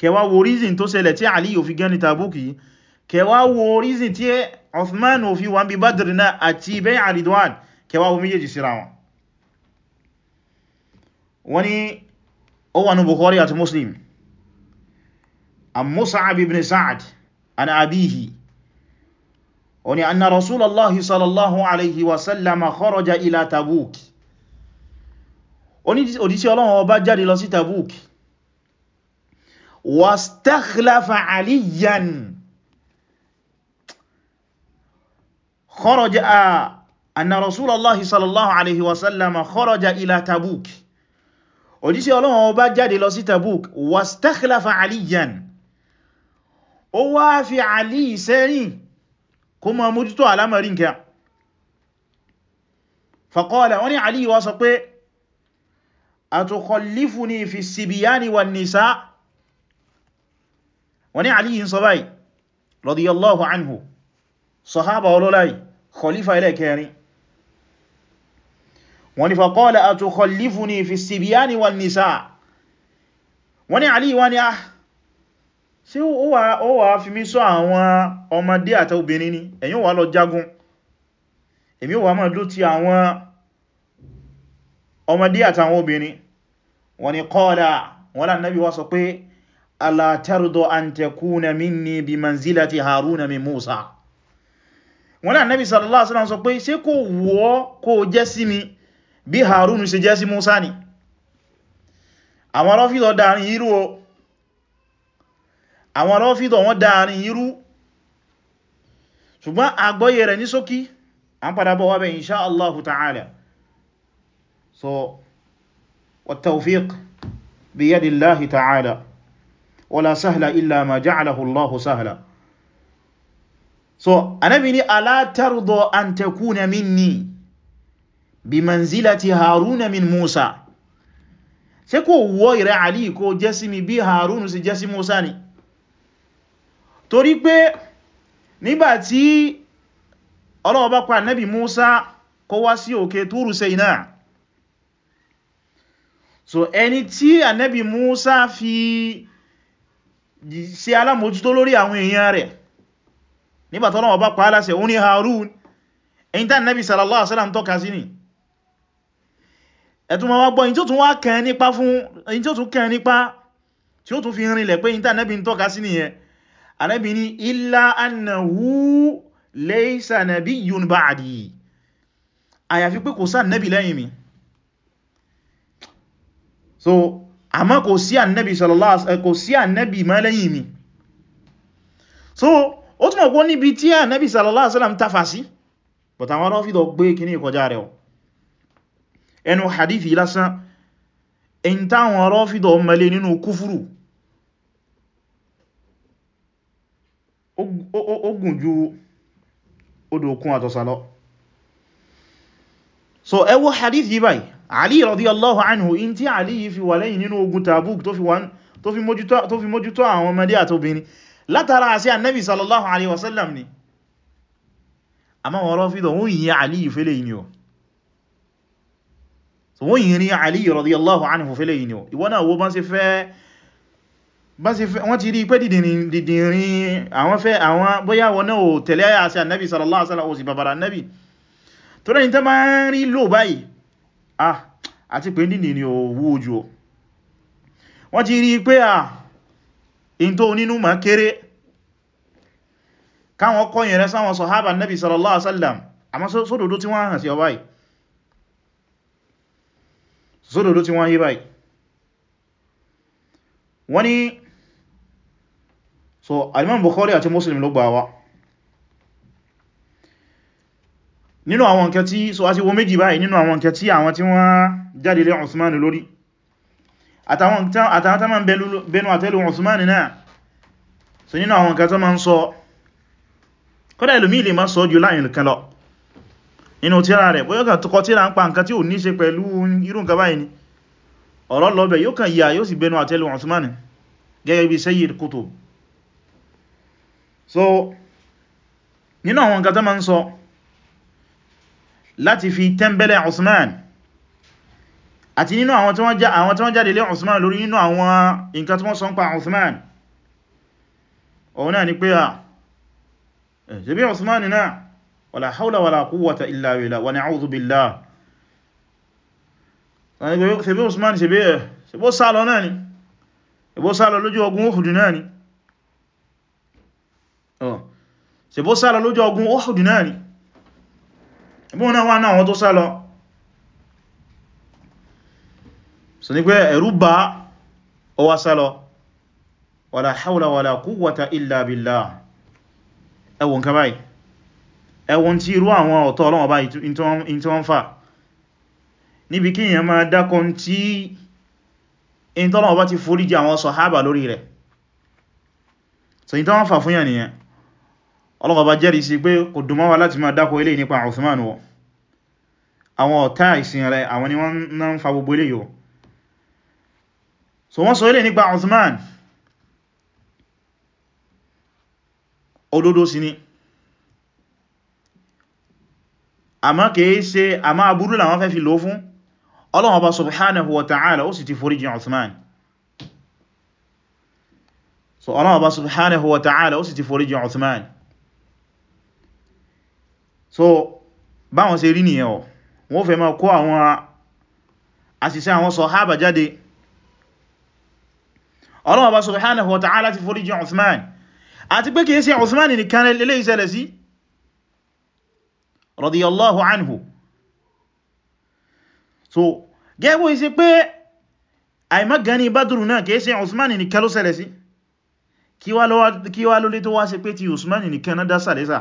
kẹwàá wo reason tó ṣẹlẹ̀ tí Àlí yóò fi gani Tabuk yìí kẹwàá wo reason tí Uthman ò fi wà bí Badr náà àti bẹ́yà àrídọ́wàn kẹwàá wo méjèèjì síra wọn wọ́n ó wà ní Bukhari àti Muslim عن مصعب بن سعد عن أبيه وني أن رسول الله صلى الله عليه وسلم خرج إلى تبوك وديسي الله وبجر إلى تبوك واستخلف عليا خرج آه، أن رسول الله صلى الله عليه وسلم خرج إلى تبوك وديسي الله وبجر إلى تبوك واستخلف عليا ó wá fi àlì sẹ́yìn kó ma mójútó alámọ̀rí nkẹ́ faqala wọ́n ni àlì wá sọ pé àtùkọ̀lífúni fi sibiyani wà nìsá wọ́n ni àlì yìí sọ báyìí radiyallahu anhu sahaba olólai khalifa ilẹ̀ kẹrin wọ́n ṣé ó wà fi mí sọ àwọn ọmọdé àti obìnrin ni ẹ̀yin wà lọ jagun èmi wà máa dó ti àwọn ọmọdé àti àwọn obìnrin wọ́n ni qala wọ́n lá nábi wá sọ pé ala tardo an takuna minni bi manzilati haruna min musa wọ́n lá nábi sallallahu alaihi wasallam sọ pé àwọn Rọ́fídọ̀ wọ́n dáàrin irú ṣùgbọ́n àgbọ́yẹ rẹ̀ ní ṣókí an padà bọ̀ wábẹ̀ inṣá Allahu ta'ala so wat-tawfiq biyadi Allahi ta'ala wala sahla illa ma ja'alahu Allahu sahla so anábi ni ala tardo an takuna minni bi manzilati haruna min musa ṣé kò wọ́ ìrẹ́ àlì kó jẹ́ sí mi bí harunu sì jẹ́ sí musa ni torí pé nígbàtí Ọlọ́run bá pa Ànábì Musa kó wá sí òkè Túrù Sínà so ẹni tí Ànábì Musa fi ṣe alámòjútó lórí àwọn èèyàn rẹ̀ nígbàtí Ọlọ́run pa aláṣẹ òun ni Harun èyí tí Ànábì sallallahu alaihi wasallam tọ́ka sí ni ẹ̀tún ma wá gbọ́ ìjọ́ tún wá kẹ́ nípa fún ìjọ́ tún kẹ́ nípa tí ó tún fi rinlẹ̀ pé ìntànẹ́bì ń tọ́ka sí nìyẹn Ànábì ní illa annahu laysa nabiyyun ba'di àyàfi pé kò sí ànábì lẹ́yìn mi so àmọ́ kò sí ànábì sallallahu alaihi wasallam kò sí ànábì mọ́ lẹ́yìn mi so ó túnmọ̀ kó níbi tí ànábì sallallahu alaihi wasallam tafà sí but àwọn rọ́fídọ̀ gbé kíní ìkọjá rẹ̀ ẹnu hadithi lásán in táwọn rọ́fídọ̀ mẹ́lẹ̀ nínú kúfúrù ó gùn ju odò òkun àtọ̀sà lọ so ẹ wo hadith yìí báyìí Ali radiyallahu anhu in tí Ali yìí fi wà lẹ́yìn nínú ogun Tabuk tó fi mójútó àwọn ọmọdé àtobìnrin látara àṣẹ annabi sallallahu alaihi wasallam ni àmọ́ wọ́n rọ́fídọ̀ wọ́n yìí Ali yìí fẹ́lẹ̀ yìí ni o wọ́n yìí rí Ali radiyallahu anhu fẹ́lẹ̀ yìí ni o ìwọ́n náà wo bá ṣe fẹ́ wọ́n ti rí pé dìdìnrín àwọn fẹ́ àwọn bóyá wọn náà ò tẹ̀lé àṣẹ annabi sallallahu alaihi wasallam òsì bàbàrà annabi tó rẹ̀ tẹ́ máa ń rí lò báyìí ah àti pé dìdì ni owó ojú o wọ́n ti rí pé à ah, in tó nínú ma kéré káwọn kọyìn rẹ̀ sáwọn sọ̀hábà annabi sallallahu alaihi wasallam àmọ́ sódòdó tí wọ́n hàn sí ọ báyìí sódòdó tí wọ́n yí báyìí wọ́n ni so alimam bukhari àti muslim ló gbà wá nínú àwọn nǹkan tí so a ti wo méjì báyìí nínú àwọn nǹkan tí àwọn tí wọ́n jáde lé Usman lórí àtàwọn tá ma ń bẹnu àtẹ́lù Usman náà so nínú àwọn nǹkan tó ma ń sọ kódà ìlúmí lè má sọ jù láyìn nǹkan lọ nínú tíra rẹ̀ bóyá kan tukọ tíra ń pa nǹkan tí ò ní ṣe pẹ̀lú irú nǹkan báyìí ni ọ̀rọ̀ lọ́bẹ̀ yóò kàn yà yóò sì bẹnu àtẹ́lù Usman gẹ́gẹ́ bí Sayyid Qutb so nínú àwọn nǹkan tó ma ń sọ láti fi tẹ́mbẹ̀lẹ̀ Usman àti nínú àwọn tí wọ́n jáde lé Usman lórí nínú àwọn nǹkan tí wọ́n sọ ń pa Usman òun náà ni pé à ah, eh, ṣebí Usman náà wala hawla wala quwwata illa billah wa na'udhu billah ṣebí Usman ṣebí eh, ó sálọ náà ni ṣebí ó sálọ lójú ogun Uhud náà ni ṣe bó sálọ lójú ogun Uhud náà ni ẹgbọ́n náà wà náà wọn tó sálọ so ní pé ẹ̀rù bá ó wá sálọ wala hawla wala quwwata illa billah ẹwọ̀n ká báyìí ẹwọ̀n tí irú àwọn ọ̀tọ̀ ọlọ́wọ̀ báyìí in tí wọ́n fà níbi kí èyàn máa dákọn tí in tọ́lọ̀wọ̀ bá ti foríjì àwọn sàhábà lórí rẹ̀ so in tí wọ́n fà fún yà nìyàn Ọlọ́run bá jẹ́rìí sí pé kò dùn mọ́ wa láti máa dákọ ilé nípa Uthman wọ àwọn ọ̀tá ìsìn rẹ̀ àwọn ni wọ́n ná ń fa gbogbo ilé yóò so wọ́n sọ ilé nípa Uthman òdodo sí ni àmá kìí ṣe àmá aburú làwọn fẹ́ fi lò fún Ọlọ́run subhanahu wa ta'ala ó sì ti foríjì Uthman so Ọlọ́run subhanahu wa ta'ala ó sì ti foríjì Uthman so báwọn ṣe rí nìyẹn ọ̀ wọ́n fẹ́ máa kó àwọn àṣìṣẹ́ àwọn sàhábà jáde Ọlọ́run Ọba subhanahu wa ta'ala ti foríjì Uthman àti pé kìí ṣe Uthman nìkan lè ìṣẹ̀lẹ̀ sí radiyallahu anhu so gẹ́gbọ́ isi pé àìmọ́gani Badru náà kìí ṣe Uthman nìkan ló ṣẹlẹ̀ sí kí wá lórí tó wá ṣe pé ti Uthman nìkan náà dá sàlẹ́sà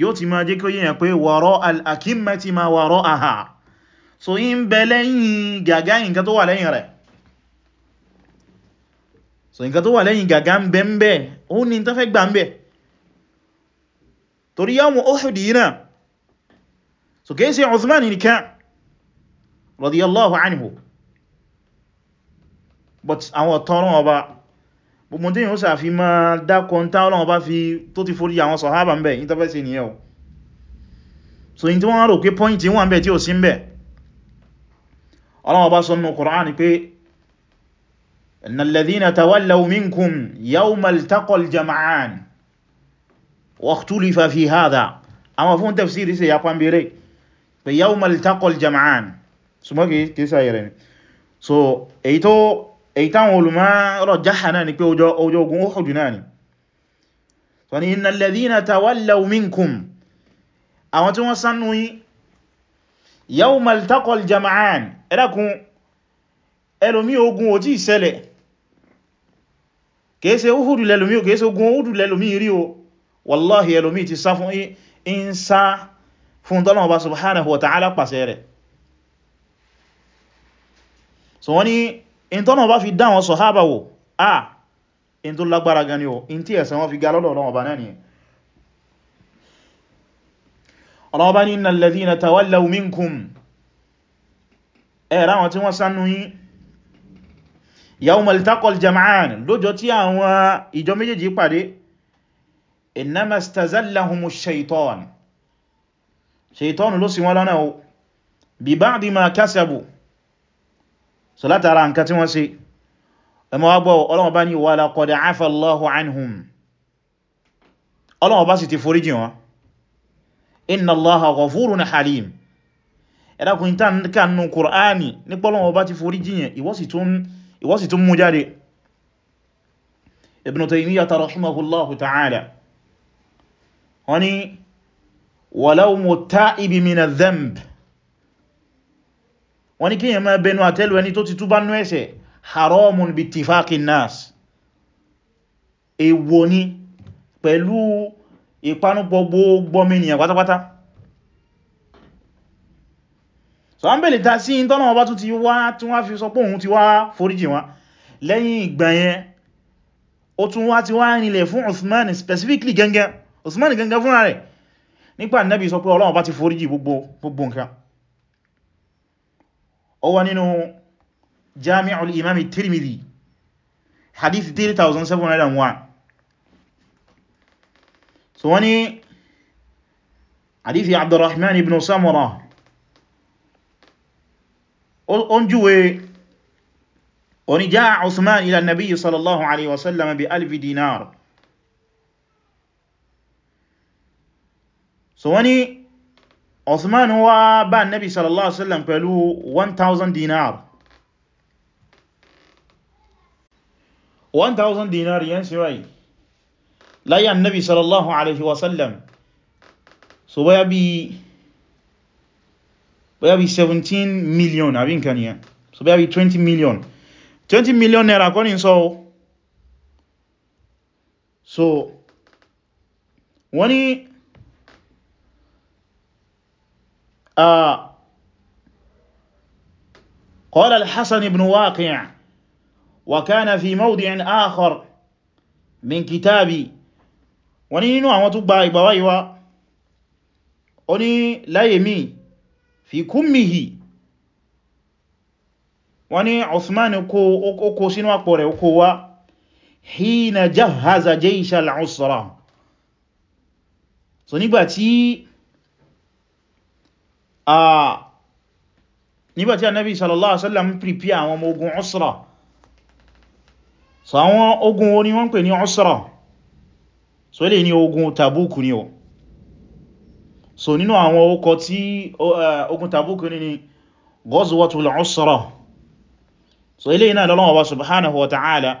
yóò ti máa jẹ́ kí ó yíyàn pé wọ̀rọ̀ al-akimmati ma wọ̀rọ̀ aha so yí ń bẹ lẹ́yìn gàgá nǹkan tó wà lẹ́yìn rẹ̀ so nǹkan tó wà lẹ́yìn gàgá ń bẹ ń bẹ ó ní tó fẹ́ gbà ń bẹ torí yawon Uhud náà so kìí ṣe Uthman nìkan radiyallahu anhu but àwọn ọ̀tọ́rún ọba gbogbo tí yíò sàfi ma dákọ ń tán ọlọ́wọ́ bá fi tó ti forí àwọn sọ̀hábà ń bẹ̀ yí tọ́fẹ́ sí nìyẹn o so yí tí wọ́n rò pé pọ́ìntì wọ́n bẹ̀ tí ò sí ń bẹ̀ ọlọ́wọ́ bá sọ nù Kùránì pé innal ladhina tawallaw minkum yawmal taqal jama'an waqtulifa fi hadha àwọn fún tafsiri sí ya so mọ́ kìí èyí táwọn olùmọ̀ rọ̀ jáhà náà ni pé ọjọ́ ogun Uhud náà ni sọ ni innal ladhina tawallaw minkum àwọn tí wọ́n sánú yí yawmal taqal jama'an ẹ̀dàkùn ẹlòmí ogun ò tí ìṣẹlẹ̀ kèése Uhud lẹ́lòmí o kèése ogun Uhud lẹ́lòmí rí o wallahi ẹlòmí ti sá fún in sá fún tọ́lọ̀ in tọ́nà bá fi dá wọn sàhábà wò à in tó lágbára gan ni o in tí ẹ̀san wọn fi ga lọ́dọ̀ Ọlọ́run Ọba náà nìyẹn Ọlọ́run Ọba ní innal ladhina tawallaw minkum ẹ̀rá wọn tí wọ́n sánú yín yawmal taqal jama'an lọ́jọ́ tí àwọn ìjọ méjèèjì pàdé bi ba'di ma kasabu so látara nǹkan tí wọ́n ṣe ẹmọ wá gbọ́ Ọlọ́run bá ní wa laqad afa Allahu anhum Ọlọ́run bá sì ti foríjì wọn inna Allaha ghafurun halim ẹ̀dàkùn ìta kànnù Kùránì nípa Ọlọ́run bá ti foríjì yẹn ìwọ sì tún mú jáde Ibn Taymiyyah rahimahullahu wọ́n ní kíyàn máa bẹnu àtẹ́lù ẹni tó ti túbá nú ẹ̀ṣẹ̀ haramun bi tifaki nas èwọ̀ ni pẹ̀lú ìpanupọ̀ gbogbominiyàn pátápátá so an bèlè ta sí ìtọ́nà ọba tó ti wá tí wọ́n fi sọ pé òun ti wá foríjì wọn lẹ́yìn ìgbà yẹn ó tún wá ti wá nílẹ̀ fún Uthman specifically gẹ́gẹ́ Uthman gẹ́gẹ́ fúnra rẹ̀ nípa Nábì sọ pé Ọlọ́run bá ti foríjì gbogbo nǹkan ó wà nínú jami'ul imam tirmidhi hadith 3701 so wani hadithi abdurrahman ibn samura ó ń júwe oni jaa usman ila nabi sallallahu alaihi wasallam bi alfi dinar so wani Osman wá bá Nabi sallallahu alaihi wasallam pẹ̀lú 1000 dinar 1000 dinar yẹn wai wáyìí láyé annabi sallallahu alaihi wasallam so bóyá bí bóyá bí 17 million abin kan ya so bóyá bí 20 million 20 million naira kọ́ ní sọ so wọ́n ni so so wani قال الحسن بن واقع وكان في موضع آخر من كتابي ونينو àwọn tó gba ìgbà wáyí wá ó ní láyé mi fi kúmìhì wọ́n ní Uthman kó sínú àpò rẹ̀ kó wá hina jahaza jaysha al-usra so nígbàtí Ah, nígbàtí Ànábì sallallahu alaihi wasallam prepare àwọn ọmọ ogun usra so àwọn ogun wo ni wọ́n pè ní usra so lè ní ogun Tabuk ni o so nínú àwọn okọ̀ tí eh, ogun Tabuk ni ni Ghazwatul Usra so ilé iná lọ́lọ́wọ́ wa subhanahu wa ta'ala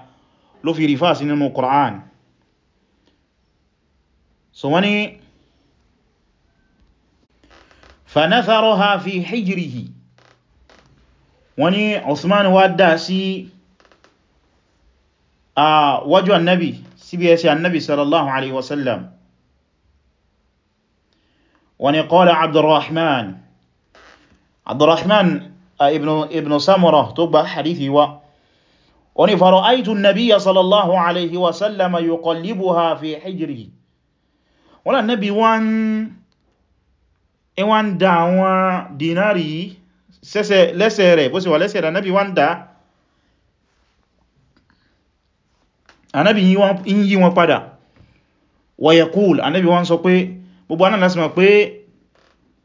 ló fi rífà sí nínú Qur'an fanatharoha fi hijrihi wọ́n ní Osman wá dá sí a wájú annabi síbí ẹsẹ̀ annabi sallallahu alaihi wasallam wọ́n ní qala abdurrahman abdurrahman ibn samura tó gba hadithi wa wọ́n ní fara'aitu annabi sallallahu alaihi wasallam yuqallibuha fi hijrihi wọ́n annabi wọ́n in wá ń da àwọn dínárì yìí lẹ́sẹ̀ rẹ̀ bó sì wà lẹ́sẹ̀ rẹ̀ anábi wá ń da anábi ń yí wọn padà wa yaqul anábi wọ́n sọ pé gbogbo anáà lásìmọ̀ pé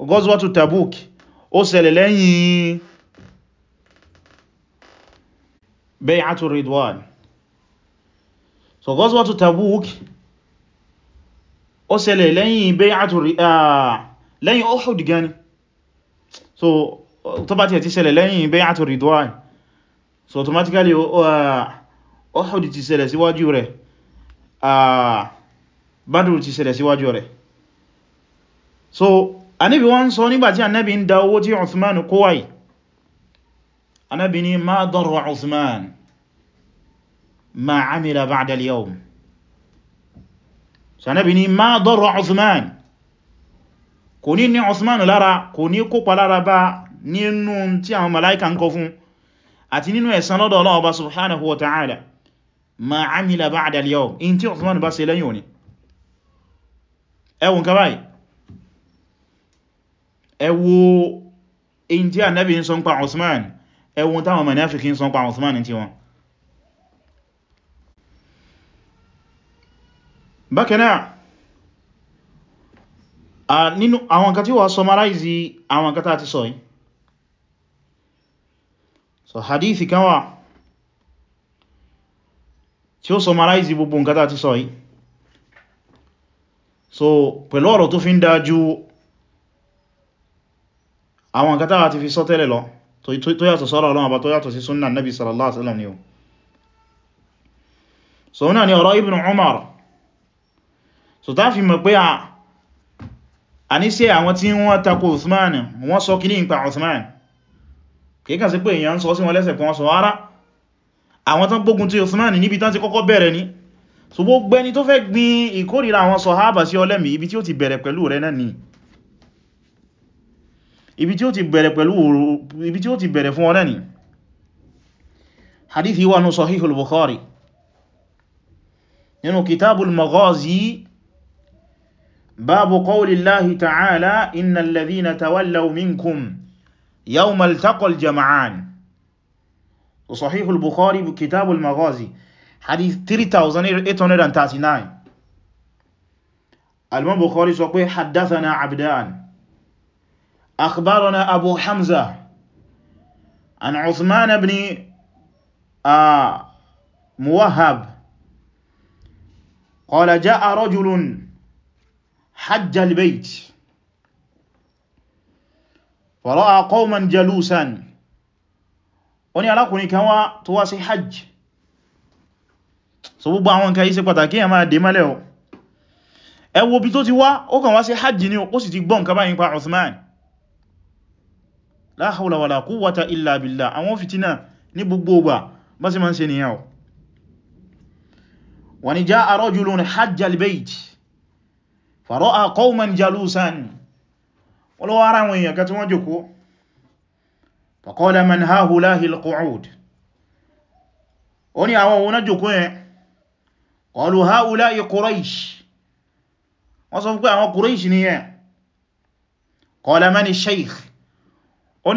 gọ́zwátù Tabuk ó ṣẹlẹ̀ lẹ́yìn bay'atu Ridwan so gọ́zwátù Tabuk ó ṣẹlẹ̀ lẹ́yìn bay'atu Ridwan ah, lẹ́yìn Uhud gan ni so tó bá ti ti ṣẹlẹ̀ lẹ́yìn Bay'atu Ridwan so automatically uh, Uhud ti ṣẹlẹ̀ síwájú rẹ̀ uh, Badr ti ṣẹlẹ̀ síwájú rẹ̀ so Ànábì wọ́n sọ nígbàtí Ànábì ń da owó tí Uthman kówàí Ànábì ní ma darra Uthman ma amila ba'da yawm so Ànábì ní ma darra Uthman kò ní ní osman lára kò ní kópa lára bá nínú tí àwọn malaika ń kọ fún àti nínú ẹ̀san lọ́dọ̀ Ọlọ́run subhanahu wa ta'ala ma amila ba'da al-yawm in tí osman bá ṣe lẹ́yìn òní ẹwùn ka báyìí ẹwù in tí annabi ń sọ pa osman ẹwùn táwọn manafiki ń sọ pa osman tí wọn bákanáà nínú àwọn nǹkan tí wà summarize àwọn nǹkan tàà sọ yìí so hadithi kan wà tí ó summarize gbogbo nǹkan tàà sọ yìí so pẹ̀lú ọ̀rọ̀ tó fi ń dájú àwọn nǹkan tàà ti fi sọ tẹ́lẹ̀ lọ tó yàtọ̀ sọ́rọ̀ Ọlọ́run bá tó yàtọ̀ sí súnnà nabi sallallahu alaihi wasallam ni o so náà ni ọ̀rọ̀ Ibn Umar so ta fi a ní sí àwọn tí wọ́n tako Usman wọ́n sọ kìí nípa Usman kìíkàn sí pé èyàn sọ sí wọn lẹ́sẹ̀ kan sọ ara àwọn tán gbógun ti Usman níbi tán ti kọ́kọ́ bẹ̀rẹ̀ ní so gbogbo ẹni tó fẹ́ gbin ìkórìíra àwọn sọ̀hábà sí ọlẹ́mì ibi tí ó ti bẹ̀rẹ̀ pẹ̀lú rẹ̀ náà ni ibi tí ó ti bẹ̀rẹ̀ fún ọ̀rẹ́ ni hadithi wa nù Bukhari nínú kitabul Maghazi باب قول الله تعالى إن الذين تولوا منكم يوم التقى الجمعان وصحيح البخاري بكتاب المغازي حديث 3839 الإمام البخاري سوى حدثنا عبدان أخبرنا أبو حمزة عن عثمان بن آه، موهب قال جاء رجل حج البيت فرأى قوما جلوسا ó ní alákùnrin kan حج. tó wá sí قطاكي so gbogbo àwọn nǹkan yìí ṣe pàtàkì ẹ máa dé mẹ́lẹ̀ o ẹ wo bí tó ti wá ó kàn wá sí hajj ní ó sì ti gbọ́ nǹkan báyìí pa Uthman la hawla wala illa billah àwọn fitina ní gbogbo ọgbà bá sì máa ń ṣe nìyàn wani jaa rajulun hajjal bayt fara'a qauman jalusan wọ́n wá ara wọn èèyàn kan tí wọ́n jókòó faqala man ha'ula'i al-qu'ud ó ní àwọn òun náà jókòó yẹn qalu ha'ula'i Quraysh wọ́n sọ pé àwọn Quraysh ni yẹn qala man ash-shaykh ó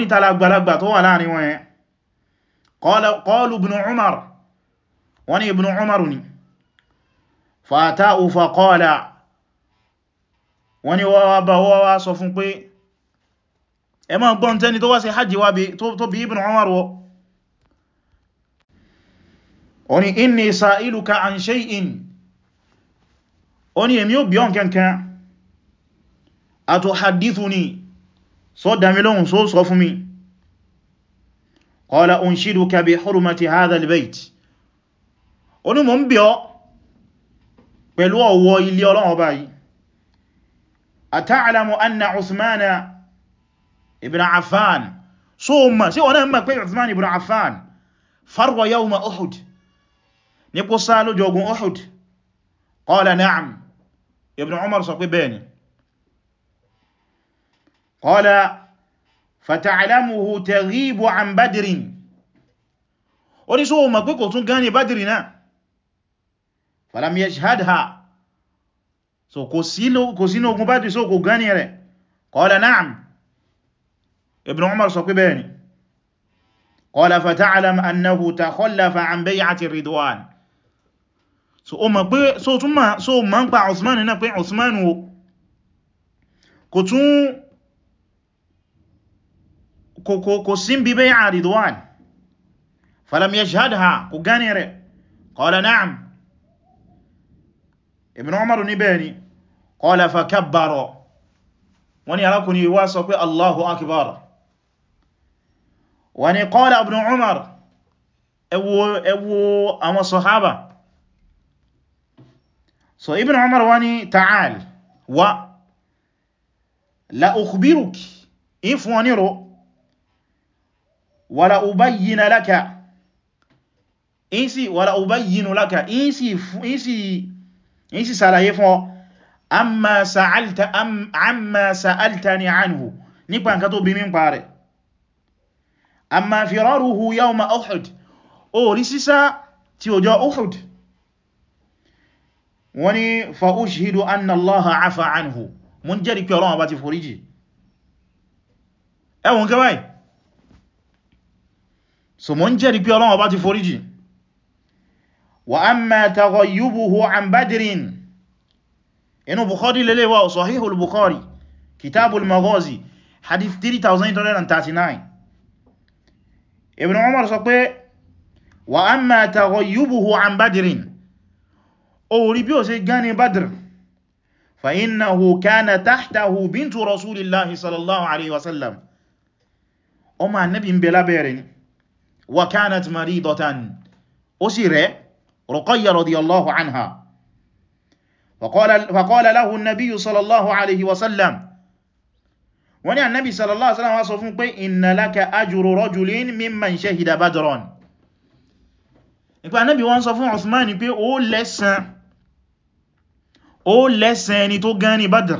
tó wà láàrin wọn yẹn qalu ibn Umar wọ́n ní ibn Umar ni fa'ata'u faqala wọ́n ní wọ́n wá bá wọ́n wá sọ fún pé ẹ máa gbọ́n tẹ́ni tó wá ṣe hajji wá tó bí Ibn Umar wọ́ ó ní inni sa'iluka an shay'in ó ní èmi ó bi ọ́ kankan atuhaddithuni sọ dámi lóhùn só sọ fún mi qala unshiduka bi hurmati hadha al-bayt ó ní mo ń bi pẹ̀lú ọ̀wọ̀ ilé Ọlọ́run báyìí أتعلم أن عثمان ابن عفان صوم سيوانا هم كوي عثمان ابن عفان فرو يوم أحد نيكو سالو جوغون أحد قال نعم ابن عمر سقوي بيني قال فتعلمه تغيب عن بدر وني سوما كوي كنتون غاني بدرنا فلم يشهدها so kò sínú ogun bá dìí so kò gani rẹ̀ qala na'am ibn umar sọ pé bẹ́ẹ̀ ni qala fata'lam annahu takhallafa an bay'ati ridwan so o mọ̀ pé so tún ma so ma ń pa usman náà pé usman o kò tún kò sí bí bay'a ridwan falam yashhadha kò gani rẹ̀ qala na'am ibn umar ní bẹ́ẹ̀ ni qala fa kabbara wọ́n ni arákùnrin wá sọ pé Allahu akbar wọ́n ni qala ibn Umar ẹ àwọn sọ̀hábà so ibn Umar wọ́n ni ta'al wa la ukhbiruk ifun wani ro wala ubayyina laka in si wala ubayyinu laka in si in si in si ṣàlàyé fún ọ amma sa'alta am, amma sa'altani anhu nípa nǹkan tó bi mí pa rẹ̀ amma firaruhu yawma uhud ó rí sísá tí ọjọ́ uhud wani fa ushhidu anna allaha afa anhu mun jẹ́rìí pé Ọlọ́run bá ti foríjì ẹwọ̀n kẹ́ so mun jẹ́rìí pé Ọlọ́run ti foríjì wa amma taghayyubuhu an badrin inú bukhari lele wa sahihul bukhari kitabul maghazi hadith 3839 ibn umar sọ pé wa amma taghayyubuhu an badrin ó rí bí ó ṣe gane badr fa innahu kana tahtahu bintu rasulillahi sallallahu alaihi wasallam ó ma annabi ń bẹ lábẹ́rẹ̀ ni wa kanat maridatan ó sì rẹ̀ ruqayya radiyallahu anha فقال له النبي صلى الله عليه وسلم wọ́n ní annabi sallallahu alaihi wasallam wá sọ fún pé inna laka ajru rajulin mimman shahida badran nípa annabi wọ́n sọ fún Uthman pé ó lẹ́san ó lẹ́san ẹni tó gan ní Badr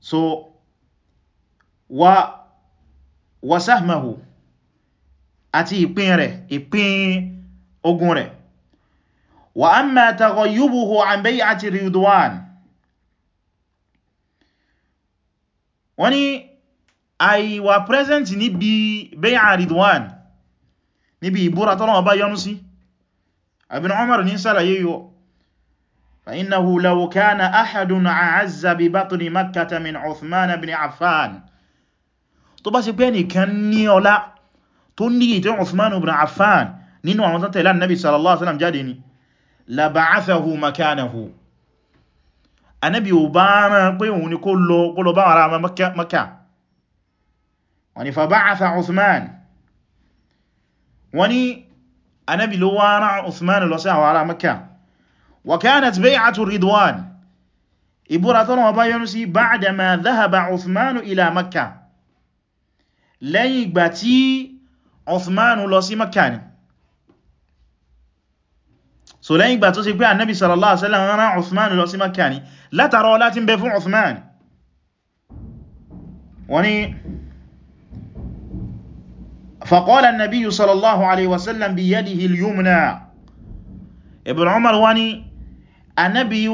so wa wa sahmahu àti ìpín rẹ̀ ìpín ogun rẹ̀ وأما تغيبه عن بيعة رضوان وني أي present نبي بيعة رضوان نبي بورا طالما با ينسي ابن عمر ننسى لأيه فإنه لو كان أحد عز ببطن مكة من عثمان بن عفان طبعا سيبيني يعني كان نيولا تنيت عثمان بن عفان نينو عمضان تيلان النبي صلى الله عليه وسلم جاديني laba'athahu makanahu anábi ò bá rán pé òun ni kó lọ bá ara maka wọ́n ni fàbá'atha Uthman wọ́n ni anábi ló wá rán Uthman lọ sí àwọn ara maka wa kanat bay'atu ridwan ìbúra tọ́nà ọba yọnu sí ba'dama dhahaba Uthman ila maka lẹ́yìn ìgbà tí Uthman lọ sí ni so lẹ́yìn ìgbà tó sì pé annabi sallallahu ala'asala wasallam rán Uthman lọ sí makka ni látara ọlá tí ń bẹ fún Uthman wọ́n ni faqala an-nabiy sallallahu ala'asala bi yadihi al-yumna Ibn Umar wá ní annabi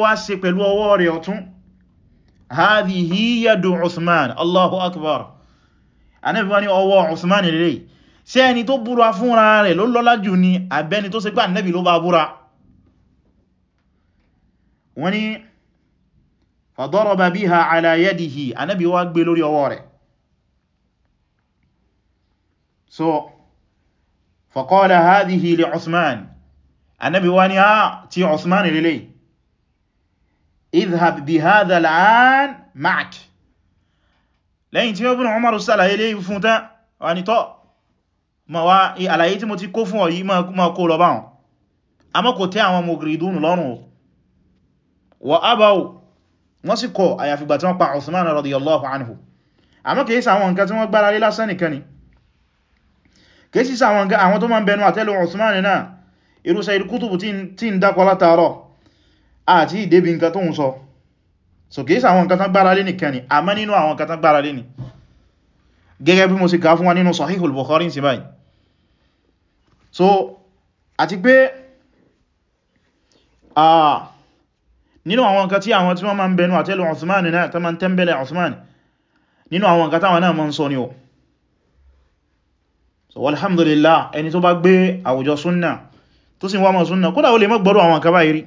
wá ṣe pẹ̀lú ọwọ́ rẹ̀ ọ̀tún hadhihi yadu Uthman Allahu akbar annabi wá ọwọ́ Uthman lèlèyìí ṣé ẹni tó búra fúnra rẹ̀ ló lọ́lá jù ni àbẹ́ni tó ṣe pé ànẹ́bì ló bá búra wọ́n ni fadaraba biha ala yadihi ànẹ́bì wá gbé lórí ọwọ́ rẹ̀ so faqala hadhihi li Usman ànẹ́bì wá ní á ah, ti Usman lélé idhhab bi hadha al'an ma'ak lẹ́yìn tí ó bí ma wá àlàyé tí mo ti kó fún ọ ma kó lọ báwọn àmọ́ kò tẹ́ àwọn mugridun lọ́rùn wa abaw wọ́n sì kọ̀ àyàfìgbà tí wọ́n pa Uthman radiyallahu anhu àmọ́ kìí sí nǹkan tí wọ́n gbára lé lásán nìkan ni kìí sí àwọn tó ma ń bẹnu àtẹ́lù Uthman náà irú Sayyid Qutb tí ń dákọ látàárọ̀ àti ìdébí nǹkan tó ń sọ so kìí sí àwọn nǹkan tán gbára lé nìkan ni àmọ́ nínú àwọn nǹkan tán gbára lé ni gẹ́gẹ́ bí mo sì kà fún wa nínú Sahihul Bukhari sí báyìí so àti pé nínú àwọn nǹkan tí àwọn tí wọ́n máa ń bẹnu àtẹ́lù Uthman náà tó máa ń tẹ́m̀bẹ̀lẹ̀ Uthman nínú àwọn nǹkan táwọn náà máa ń sọ ni o so Alhamdulillah, ẹni tó bá gbé àwùjọ súnnà tó sì wá mọ̀ súnnà kódà ó lè má àwọn nǹkan báyìí rí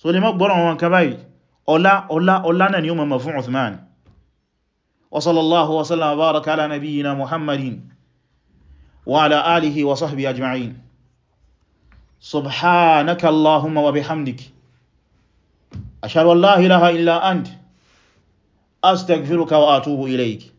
so lè má gbọ́rọ̀ àwọn nǹkan báyìí ọlá ọlá ọlá náà ni ó mọ̀ fún Uthman wa sallallahu wa sallam baraka Muhammadin وعلى آله وصحبه أجمعين سبحانك اللهم وبحمدك أشهد أن لا إله إلا أنت أستغفرك وأتوب إليك